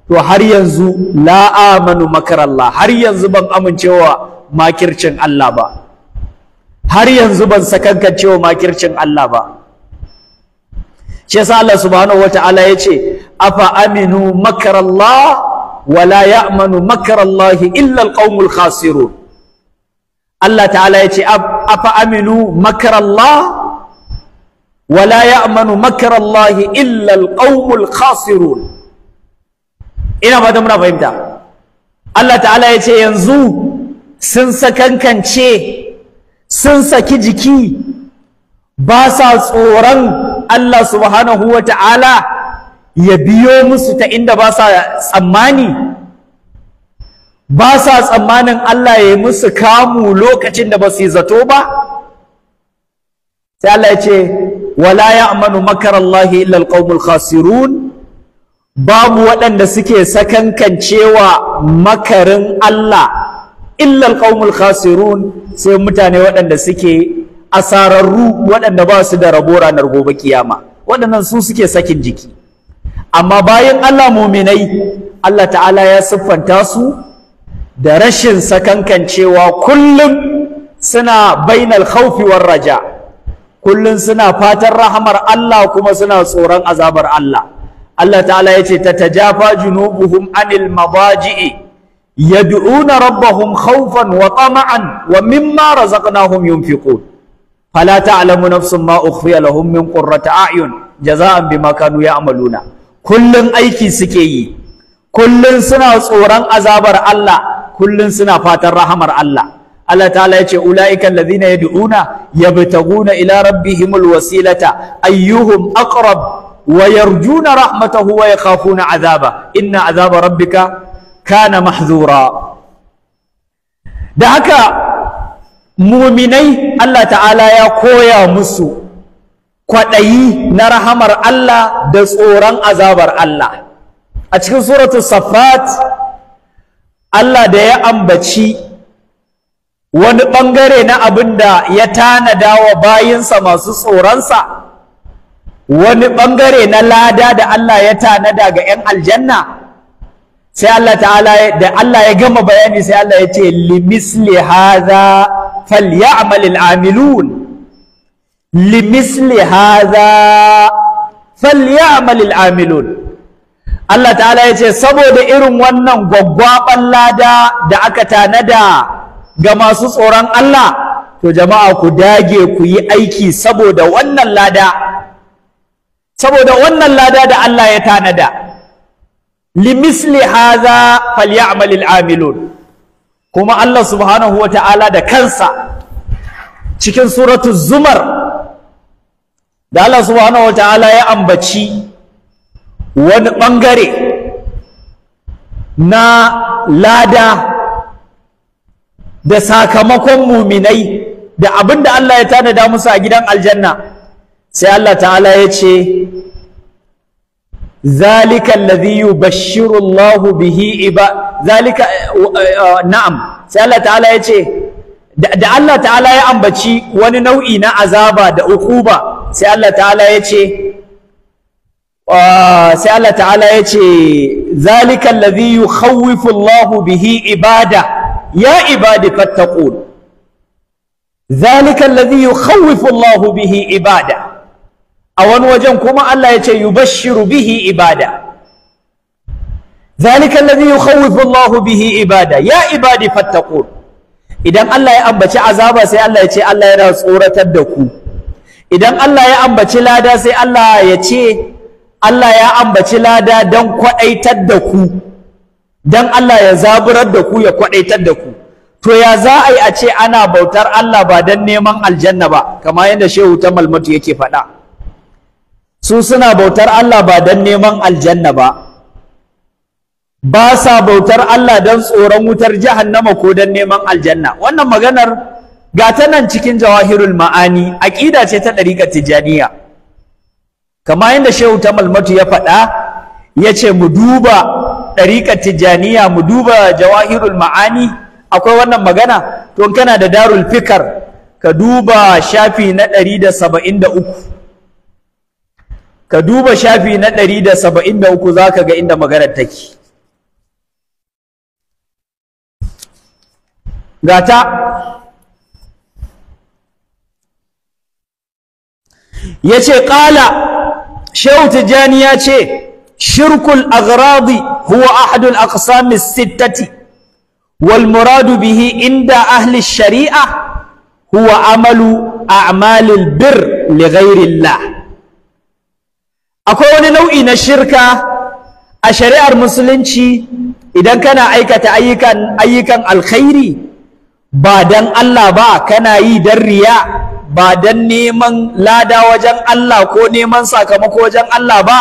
to har yanzu la amanu makarallah har yanzu ban amincewa makircin Allah ba har yanzu ban sakankancewa makircin Allah ba shi yasa Allah subhanahu wata'ala ya ce afa aminu makarallah wala ya'manu makarallahi illa alqaumul khasirun Allah ta'ala ya ce afa aminu makarallah ولا يأمن مكر Makarallahi? ina ba muna fahimta Allah ta'ala ya ce yanzu sun sakankance sun saki jiki ba sa tsoron Allah subhanahu wa ta'ala ya biyo musu ta inda ba sa tsammani ba sa tsammanin Allah ya yi musu kamu lokacin da ba su yi zato ba sai Allah ya ce wala ya'manu makarallahi illa alqaumul khasirun babu waɗanda suke sakankancewa makarin Allah illa alqaumul khasirun sai mutane waɗanda suke asararru waɗanda ba su da rabo ranar gobe kiyama waɗannan su suke sakin jiki amma bayan Allah muminai Allah ta'ala ya siffanta su da rashin sakankancewa kullum suna bainal khawfi war raja kullum suna fatan rahamar Allah kuma suna tsoron azabar Allah Allah ta'ala yace tatajafa junubuhum anil madaji'i yad'una rabbahum khawfan wa tama'an wa mimma razaqnahum yunfiqun fala ta'lamu nafsun ma ukhfiya lahum min qurrati a'yun jaza'an bima kanu ya'maluna kullun aiki suke yi kullun suna tsoron azabar Allah kullun suna fatan rahamar Allah Allah ta'ala yace ulaika alladhina yad'una yabtaguna ila rabbihimul wasilata ayyuhum aqrab wa yarjuna rahmatahu wa yakhafuna azaba inna azaba rabbika kana mahzura da haka muminai Allah ta'ala ya koya musu kwaɗayi na rahamar Allah da tsoron azabar Allah a cikin suratul safat Allah da ya ambaci wani ɓangare na abin da ya tanada wa bayinsa masu tsoronsa wani ɓangare na lada da Allah ya tanada ga 'yan aljanna sai Allah ta'ala da Allah ya gama bayani sai Allah ya ce limisli haza falyamalil amilun limisli haza falyamalil amilun Allah ta'ala ya ce saboda irin wannan gwaggwaɓan lada da aka tanada ga masu tsoron Allah to jama'a ku dage ku yi aiki saboda wannan lada saboda wannan lada da Allah ya tanada limisli haza falyamalil amilun kuma Allah subhanahu wa ta'ala da kansa cikin suratu zumar da Allah subhanahu wa ta'ala ya ambaci wani ɓangare na lada da sakamakon muminai da abin da Allah ya tanada musu a gidan aljanna sai Allah ta'ala ya ce ذلك الذي يبشر الله به إبا ذلك نعم sai Allah ta'ala ya ce da Allah ta'ala ya ambaci wani nau'i na azaba da ukuba sai Allah ta'ala ya ce Ah, sai Allah ta'ala ya ce zalikan allazi yukhawifu Allah bihi ibada ya ibadi fattaqun Zalikan allazi yukhawifu Allah bihi ibada a wani wajen kuma Allah ya ce bashiru bihi ibada Zalikan allazi yukhawifu Allah bihi ibada ya ibadi fattaqun idan Allah ya ambaci azaba sai Allah ya ce Allah yana tsoratar da ku idan Allah ya ambaci lada sai Allah ya ce Allah ya ambaci lada don kwaɗaitar da ku don Allah ya zaburar da ku ya kwaɗaitar da ku to ya za a yi a ce ana bautar Allah ba don neman aljanna ba kama yadda shehu ta malmatu yake faɗa su suna bautar Allah ba don neman aljanna ba ba sa bautar Allah don tsoron wutar jahannama ko don neman aljanna wannan maganar ga ta nan cikin jawahirul ma'ani aƙida ce ta ɗariƙar tijjaniya kama yadda shehu ta malmatu ya faɗa ya ce mu duba ɗariƙar tijjaniya mu duba jawahirul ma'ani akwai wannan magana to kana da darul fikar ka duba shafi na ɗari da saba'in da uku ka duba shafi na ɗari da saba'in da uku za ka ga inda maganar take gata ya ce ƙala shehu tijjani ya ce shirkul aghradi huwa ahadul aqsami sittati wal muradu bihi inda ahli shari'a huwa amalu a'malil bir li ghairillah akwai wani nau'i na shirka a shari'ar musulunci idan kana aikata ayyukan ayyukan alkhairi ba dan Allah ba kana yi dan riya ba don neman lada wajen Allah ko neman sakamako wajen Allah ba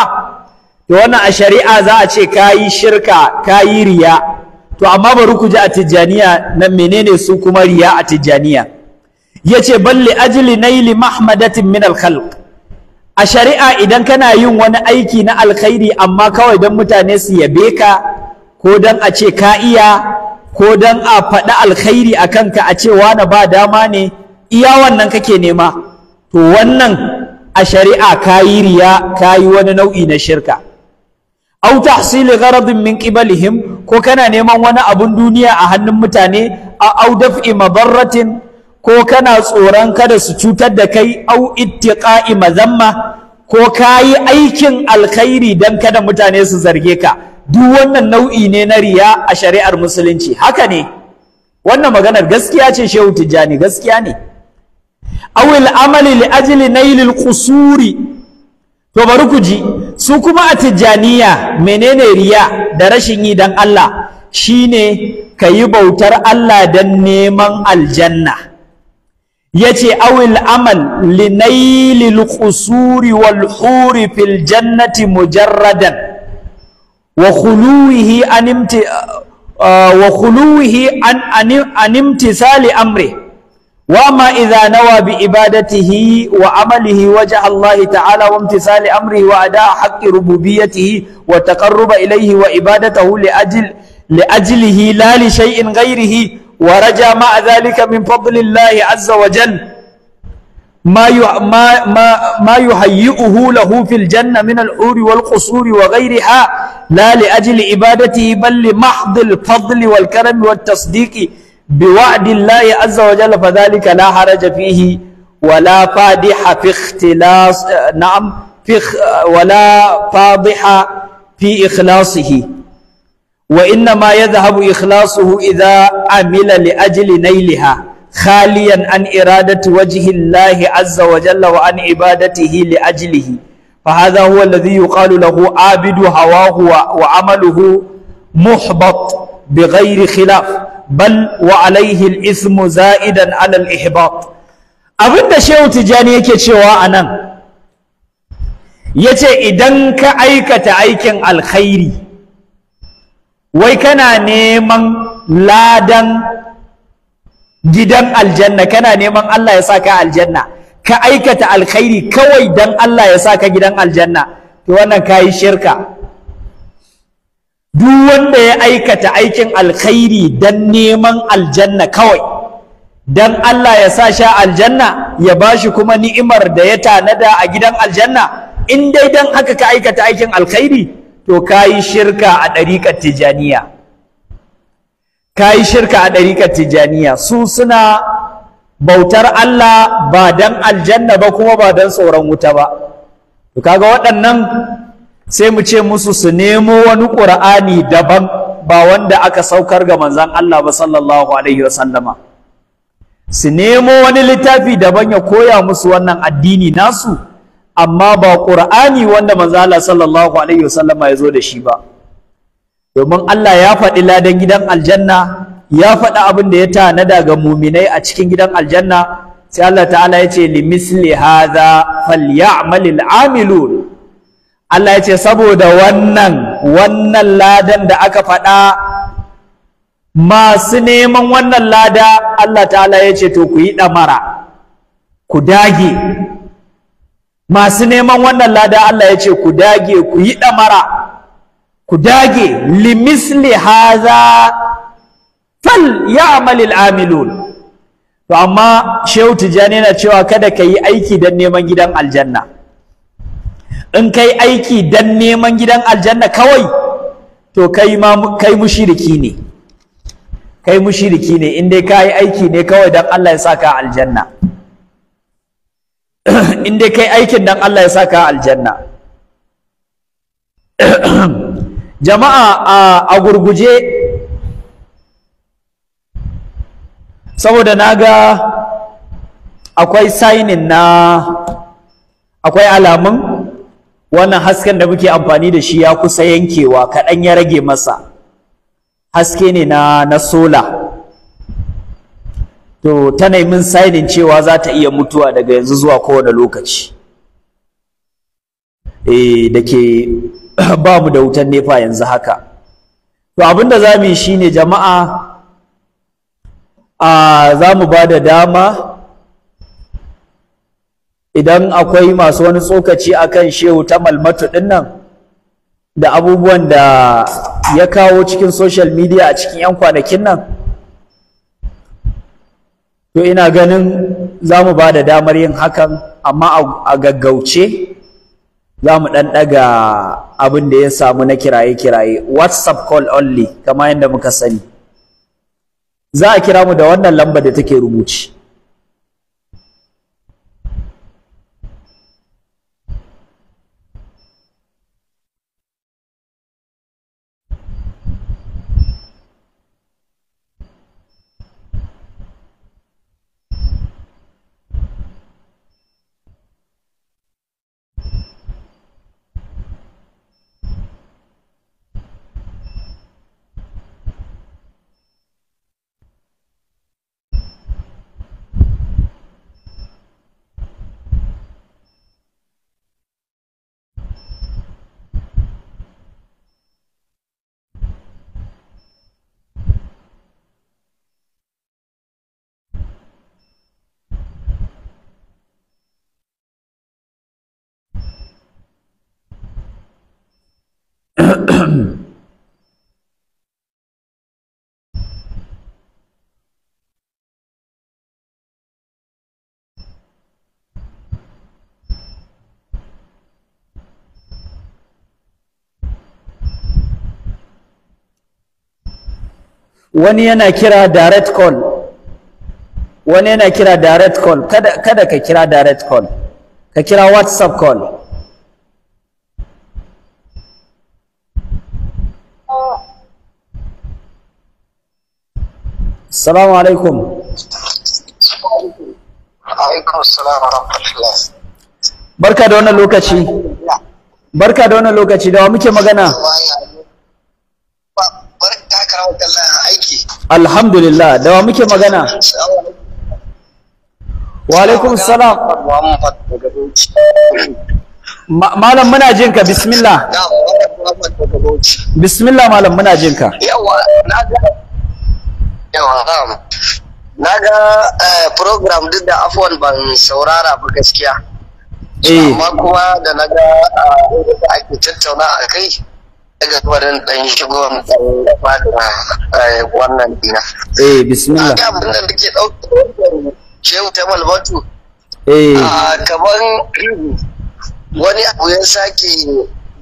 to wannan a shari'a za a ce kayi shirka kayi riya to amma bari ku ji a tijjaniya nan menene su kuma riya a tijjaniya yace balli ajli naili mahmadatin min al a shari'a idan kana yin wani aiki na alkhairi amma kawai don mutane su yabe ka ko don a ce ka iya ko don a faɗi alkhairi a kanka a ce wani ba dama ne iya wannan kake nema to wannan a shari'a kayi riya kayi wani nau'i na shirka aw tahsil gharadin min qibalihim ko kana neman wani abun duniya a hannun mutane aw daf'i madarratin ko kana tsoron kada su cutar da kai au ittiqa'i mazamma ko kayi aikin alkhairi dan kada mutane su zarge ka duk wannan nau'i ne na riya a shari'ar musulunci haka ne wannan maganar gaskiya ce shehu tijjani gaskiya ne awil amali li ajli nailil qusuri to bari ku ji su kuma a tijaniya menene riya da rashin yi dan Allah shine kayi bautar Allah dan neman aljanna yace awil amal li nailil qusuri wal huri fil jannati mujarradan wa khuluhi an wa khuluhi an an imtisali amri وأما إذا نوى بإبادته وعمله وجه الله تعالى وامتثال أمره وأداء حق ربوبيته وتقرب إليه وإبادته لأجل لأجله لا لشيء غيره ورجى مع ذلك من فضل الله عز وجل ما ما ما ما يهيئه له في الجنة من الحور والقصور وغيرها لا لأجل إبادته بل لمحض الفضل والكرم والتصديق بوعد الله عز وجل فذلك لا حرج فيه ولا فادح في اختلاص نعم في ولا فاضح في إخلاصه وإنما يذهب إخلاصه إذا عمل لأجل نيلها خاليا عن إرادة وجه الله عز وجل وعن عبادته لأجله فهذا هو الذي يقال له عابد هواه وعمله محبط بغير خلاف بل وعليه الإثم زائدا على الإحباط abinda shehu tijani yake cewa a nan ya ce idan ka aikata aikin alkhairi wai kana neman ladan gidan aljanna kana neman Allah ya saka aljanna ka aikata alkhairi kawai dan Allah ya saka gidan aljanna to wannan kayi shirka duk wanda ya aikata aikin alkhairi dan neman aljanna kawai dan Allah ya sa sha aljanna ya bashi kuma ni'imar da ya tanada a gidan aljanna in dai dan haka ka aikata aikin alkhairi to kayi shirka a ɗariƙar tijaniya kayi shirka a ɗariƙar tijaniya su suna bautar Allah ba dan aljanna ba kuma ba dan tsoron wuta ba to kaga waɗannan sai mu ce musu su nemo wani ƙur'ani daban ba wanda aka saukar ga manzan Allah ba sallallahu alaihi wasallama su nemo wani littafi daban ya koya musu wannan addini nasu amma ba ƙur'ani wanda manzan Allah sallallahu alaihi wasallama ya zo da shi ba domin Allah ya faɗi ladan gidan aljanna ya faɗi abin da ya tanada ga muminai a cikin gidan aljanna sai Allah ta'ala ya ce li misli hadha falyamalil amilun Allah ya ce saboda wannan wannan ladan da aka faɗa masu neman wannan lada Allah ta'ala ya ce to ku yi ɗamara ku dage masu neman wannan lada Allah ya ce ku dage ku yi ɗamara ku dage limisli haza fal ya amalil amilun to amma shehu tijjani na cewa kada ka yi aiki don neman gidan aljanna in kai aiki dan neman gidan aljanna kawai to kai ma kai mushriki ne kai mushriki ne in dai kai aiki ne kawai dan Allah ya saka aljanna in dai kai aikin dan Allah ya saka aljanna jama'a a gurguje saboda na ga akwai sainin na akwai alamun wannan hasken da muke amfani da shi ya kusa yankewa kaɗan ya rage masa haske ne na na sola to ta min sainin cewa za ta iya mutuwa daga yanzu zuwa kowane lokaci E, da ke ba mu da wutan nefa yanzu haka to abin da za mu yi shine jama'a a za mu ba da dama idan akwai masu wani tsokaci akan shehu ta malmatu din nan da abubuwan da ya kawo cikin social media a cikin 'yan kwanakin nan to ina ganin za mu ba da damar yin hakan amma a gaggauce za mu ɗan ɗaga abin da ya samu na kiraye-kiraye whatsapp call only kama yadda muka sani za a kira mu da wannan lambar da take rubuci wani yana kira direct call wani yana kira direct call kada, kada ka kira direct call ka kira whatsapp call Assalamu alaikum. Alaikum salam wa rahmatullahi. Barka da wannan lokaci. Barka da wannan lokaci da wa muke magana. alhamdulillah da wa muke magana wa alaikum salam malam muna jin ka bismillah bismillah malam muna jin ka yawa na ga yawa na ga eh, program duk da afwan ban saurara ba gaskiya eh. amma kuma da na ga eh, ake tattauna a kai daga barin dan shigo ba da eh, wannan dina eh bismillah ga abin da nake shehu ta malbatu eh kaman wani abu ya sake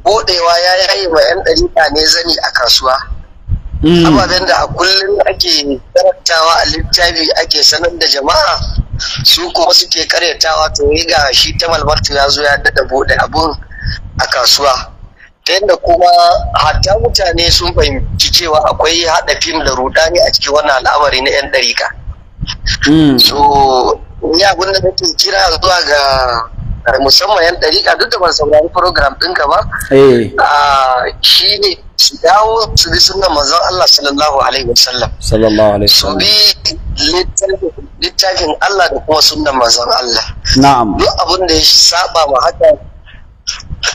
bodewa ya yayi ma yan dariƙa ne zani a kasuwa mm. ababen da a kullum ake karantawa a littafi ake sanar da jama'a su kuma suke karyatawa to riga ga shi ta malbarta ya zo ya daɗa bude abun a kasuwa ta yadda kuma hatta mutane sun fahimci cewa akwai haɗa fim da rudani a cikin wannan al'amari na 'yan ɗarika hmm. so ni abin da nake kira zuwa ga musamman 'yan ɗarika duk da ban saurari program ɗinka ba eh. shi ne su dawo su bi sunan manzon Allah sallallahu alaihi wasallam sallallahu alaihi wasallam su bi littafin Allah da kuma sunan manzon Allah na'am duk abin da ya saba ma haka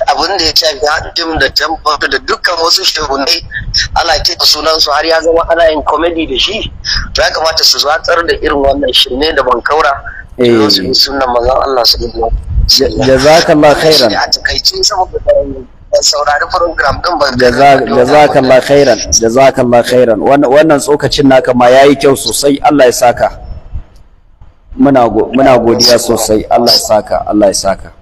abin da ya shafi dim da tempo da dukkan wasu shagunai ana sunan sunansu har ya zama ana yin komedi da shi to ya kamata su zatsar da irin wannan shirme da bankaura kaura eh. su sunan mazan Allah su gudu jazakallah khairan a takaice saboda saurari program din ba jazakallah khairan jazakallah khairan wannan tsokacin naka ma yayi kyau sosai Allah ya saka muna godiya sosai Allah ya saka Allah ya saka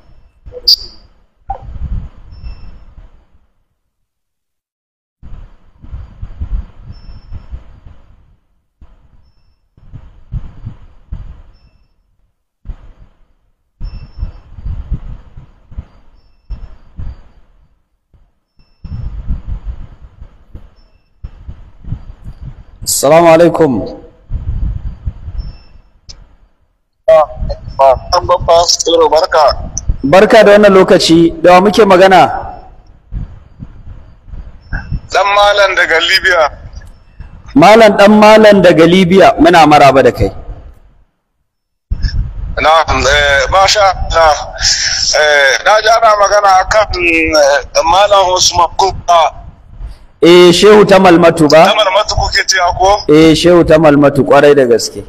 Salamu alaikum. Barka da wannan lokaci, da wa muke magana? Dan Malam daga Libya. Malam Dan Malam daga Libya muna maraba da kai. Na'am, eh, masha Allah. Eh, na ji ana magana akan eh, Malam Usman Kuka eh shehu ta malmatu ba ta malmatu kuke ce ko eh shehu ta malmatu kwarai da gaske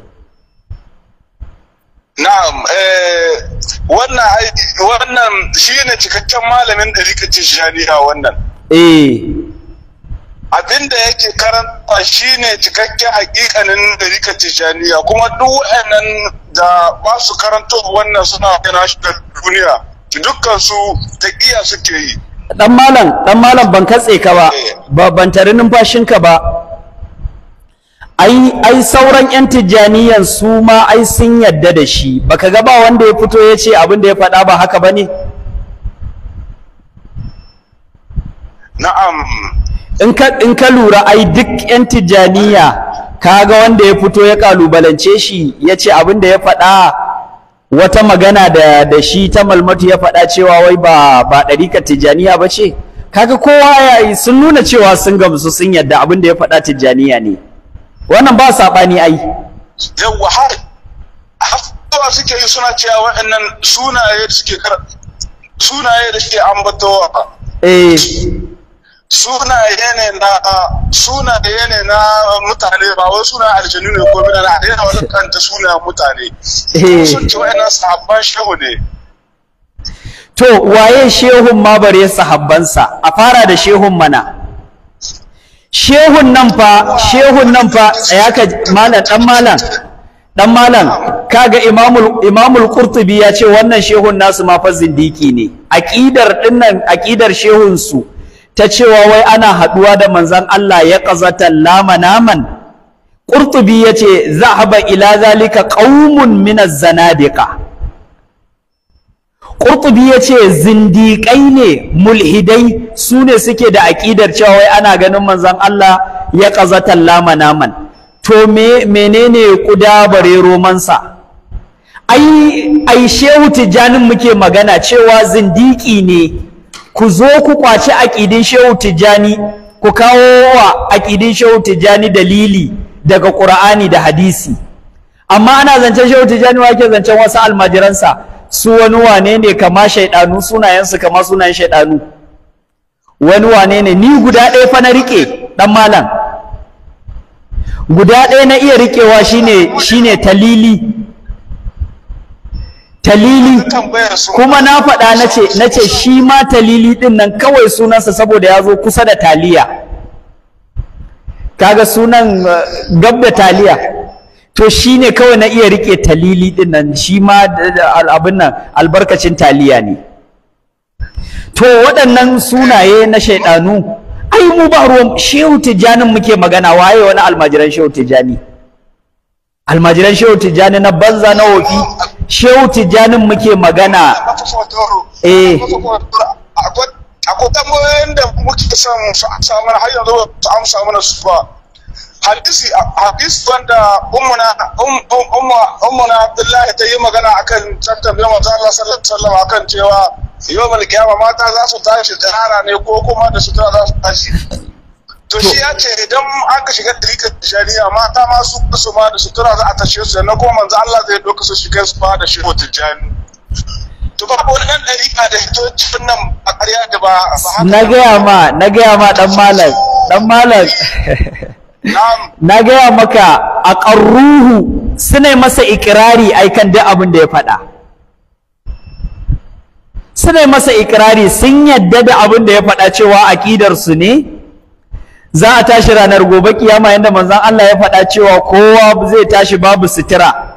na'am eh wannan wannan shine cikakken malamin da rika ce shari'a wannan eh abinda yake karanta shine cikakken hakikanin da rika tijaniya kuma duk wa'annan da ba su karanto wannan suna gana shi da duniya dukkan su ta iya suke yi dan malam dan malam ban katse ka ba ba ban tare ka ba ai ai sauran yan Tijaniyan su ma ai sun yadda da shi baka ga ba wanda ya fito ya ce abin da ya faɗa ba haka bane na'am in ka in ka lura ai duk yan tijjaniya kaga wanda ya fito ya kalubalance shi ya ce abin da ya faɗa wata magana da da shi ta malmatu ya faɗa cewa wai ba ba ɗarikar tijjaniya ba ce kaga kowa ya sun nuna cewa sun gamsu sun yadda abin da ya faɗa tijjaniya ne wannan ba saɓani ai yawwa har haftawa suke yi suna cewa waɗannan sunaye da suke kar sunaye da suke ambatowa eh Suna ne na ne na mutane ba wai suna aljanu ne ko mina na daina wani kanta suna mutane eh. sun ci wa'ina sahabban shehu ne to waye shehun ma bare sahabbansa a fara da shehun mana shehun nan fa shehun nan fa ya ka malam dan malam dan malam kaga imamul imamul qurtubi ya ce wannan shehun nasu ma fa zindiki ne aqidar dinnan aqidar shehun su ta cewa wai ana haɗuwa da manzan Allah ya ƙazata lama naman ƙurtubi ya ce za haɓa ila zalika ƙaumun zana zanadika ƙurtubi ya ce zindiƙai ne mulhidai su ne suke da aƙidar cewa wai ana ganin manzan Allah ya ƙazata lama naman to me menene bare romansa ai ai shehu tijanin muke magana cewa zindiki ne ku zo ku kwaci aƙidin shehu tijjani ku kawo wa aƙidin shehu tijjani dalili daga ƙur'ani da hadisi amma ana zancen shehu tijjani wake zancen wasu almajiransa su wani wane ne kama shaidanu sunayensu kama sunayen shaidanu wani wane ne ni guda ɗaya fa na rike ɗan malam guda ɗaya na iya riƙewa shine shine talili talili kuma na faɗa nace nace shi ma talili din nan kawai sunansa saboda ya zo kusa da taliya kaga sunan uh, gab taliya to shi ne kawai na iya rike talili din nan shi ma abin nan albarkacin taliya ne to waɗannan sunaye na shaidanu ai mu ba ruwan shehu tijjanin muke magana waye wani almajiran shehu tijjani almajiran shehu tijjani na banza na wofi shehu tijanin muke magana eh akwai tambayoyin da muke son su samu har yanzu su amsa mana su ba hadisi hadisi wanda ummuna ummuna um, abdullahi ta yi magana akan tantan tantambe manzo Allah sallallahu alaihi wasallam akan cewa yau mulkiya mata za su tashi tsara ne ko kuma da sutura za su tashi to shi ya ce idan aka shiga tarikar tijaniya mata ma su su ma da sutura za a tashe su na kuma manzo Allah zai doka su shiga su ba da shi tijani to ba ko nan tarika da hito cikin nan a ƙarya da ba na gaya ma na gaya ma dan malam dan malam na gaya maka a ƙarruhu suna masa ikirari aikan duk abin da ya faɗa suna masa ikirari sun yadda da abin da ya faɗa cewa aƙidarsu ne za a tashi ranar gobe kiyama yadda manzon Allah ya faɗa cewa kowa zai tashi babu sitira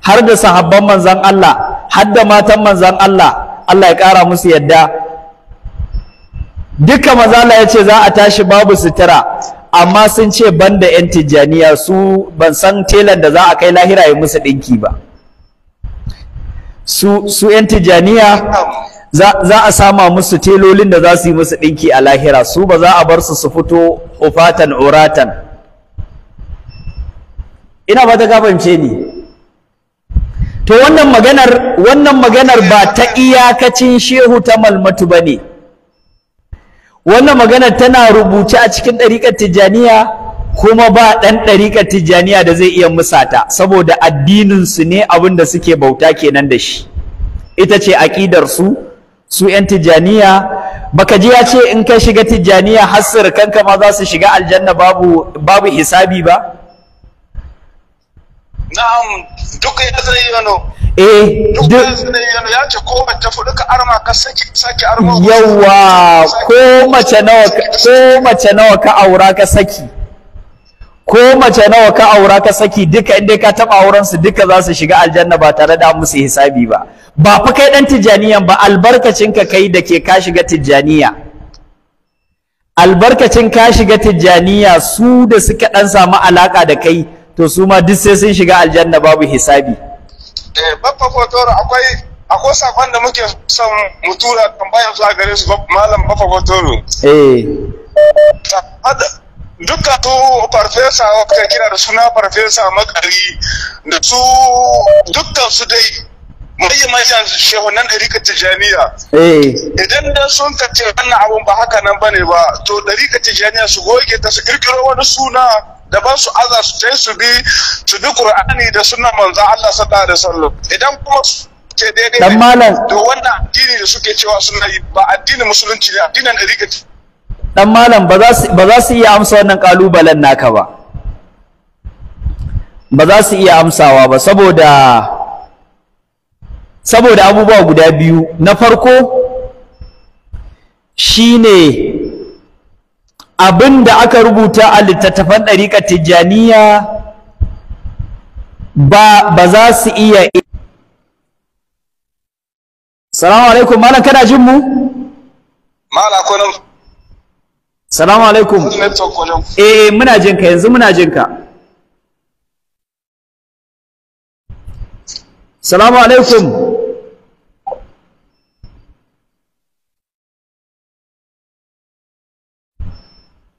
har da sahabban manzon Allah har da matan manzon Allah Allah ya ƙara musu yadda duka mazala ya ce za a tashi babu sitira amma sun ce banda 'yan tijjaniya su ban san telan da za a kai lahira ya musu ɗinki ba su 'yan tijjaniya za a sama musu telolin da za su yi musu ɗinki a lahira su ba za a bar su su fito ufatan uratan ina ba ta kafance ni to wannan maganar wannan maganar ba ta iyakacin shehu ta malmatu ba ne wannan maganar tana rubuce a cikin ɗariƙar tijjaniya kuma ba ɗan ɗariƙar tijjaniya da zai iya musata saboda addininsu ne abin da suke bauta kenan da shi ita ce aƙidarsu su su 'yan tijjaniya baka ji ya ce in ka shiga tijjaniya hassar kanka ma za su shiga aljanna babu babu hisabi ba na'am duk ya zai yano eh duk ya zai yano ya ce ko mace fudu ka arma ka saki saki arma yawa ko mace nawa ko mace nawa ka aura ka saki ko mace nawa ka aura ka saki duka inda ka taba auren su duka za su shiga aljanna ba tare da musu hisabi ba ba fa kai dan tijaniyan ba albarkacin ka kai da ke ka shiga tijaniya albarkacin ka shiga tijaniya su da suka dan samu alaka da kai to su ma duk sai sun shiga aljanna babu hisabi eh babba fotoro akwai akwai sakon da muke son mu tura tambaya zuwa gare su malam babba fotoro eh dukkan su farfesa kai kira da suna farfesa makari da su dukkan su dai manya shehu nan ɗarika tijaniya eh. idan da sun ka ce wannan abun ba haka nan bane ba to ɗarika tijaniya su goge ta su kirkiro wani suna da ba su aza su ce su bi su bi qur'ani da sunna manzo Allah sallallahu alaihi wasallam idan kuma ce daidai to wannan addini da suke cewa suna yi ba addinin musulunci ne addinin ɗarika dan malam ba za su iya amsa wannan kalubalen naka ba ba za su iya amsawa ba saboda saboda abubuwa guda biyu na farko shine abin da aka rubuta a littattafan ɗariƙar tijjaniya ba ba za su iya salamu alaikum malam kana jin mu malam salamu alaikum eh muna jin ka yanzu muna jin ka salamu alaikum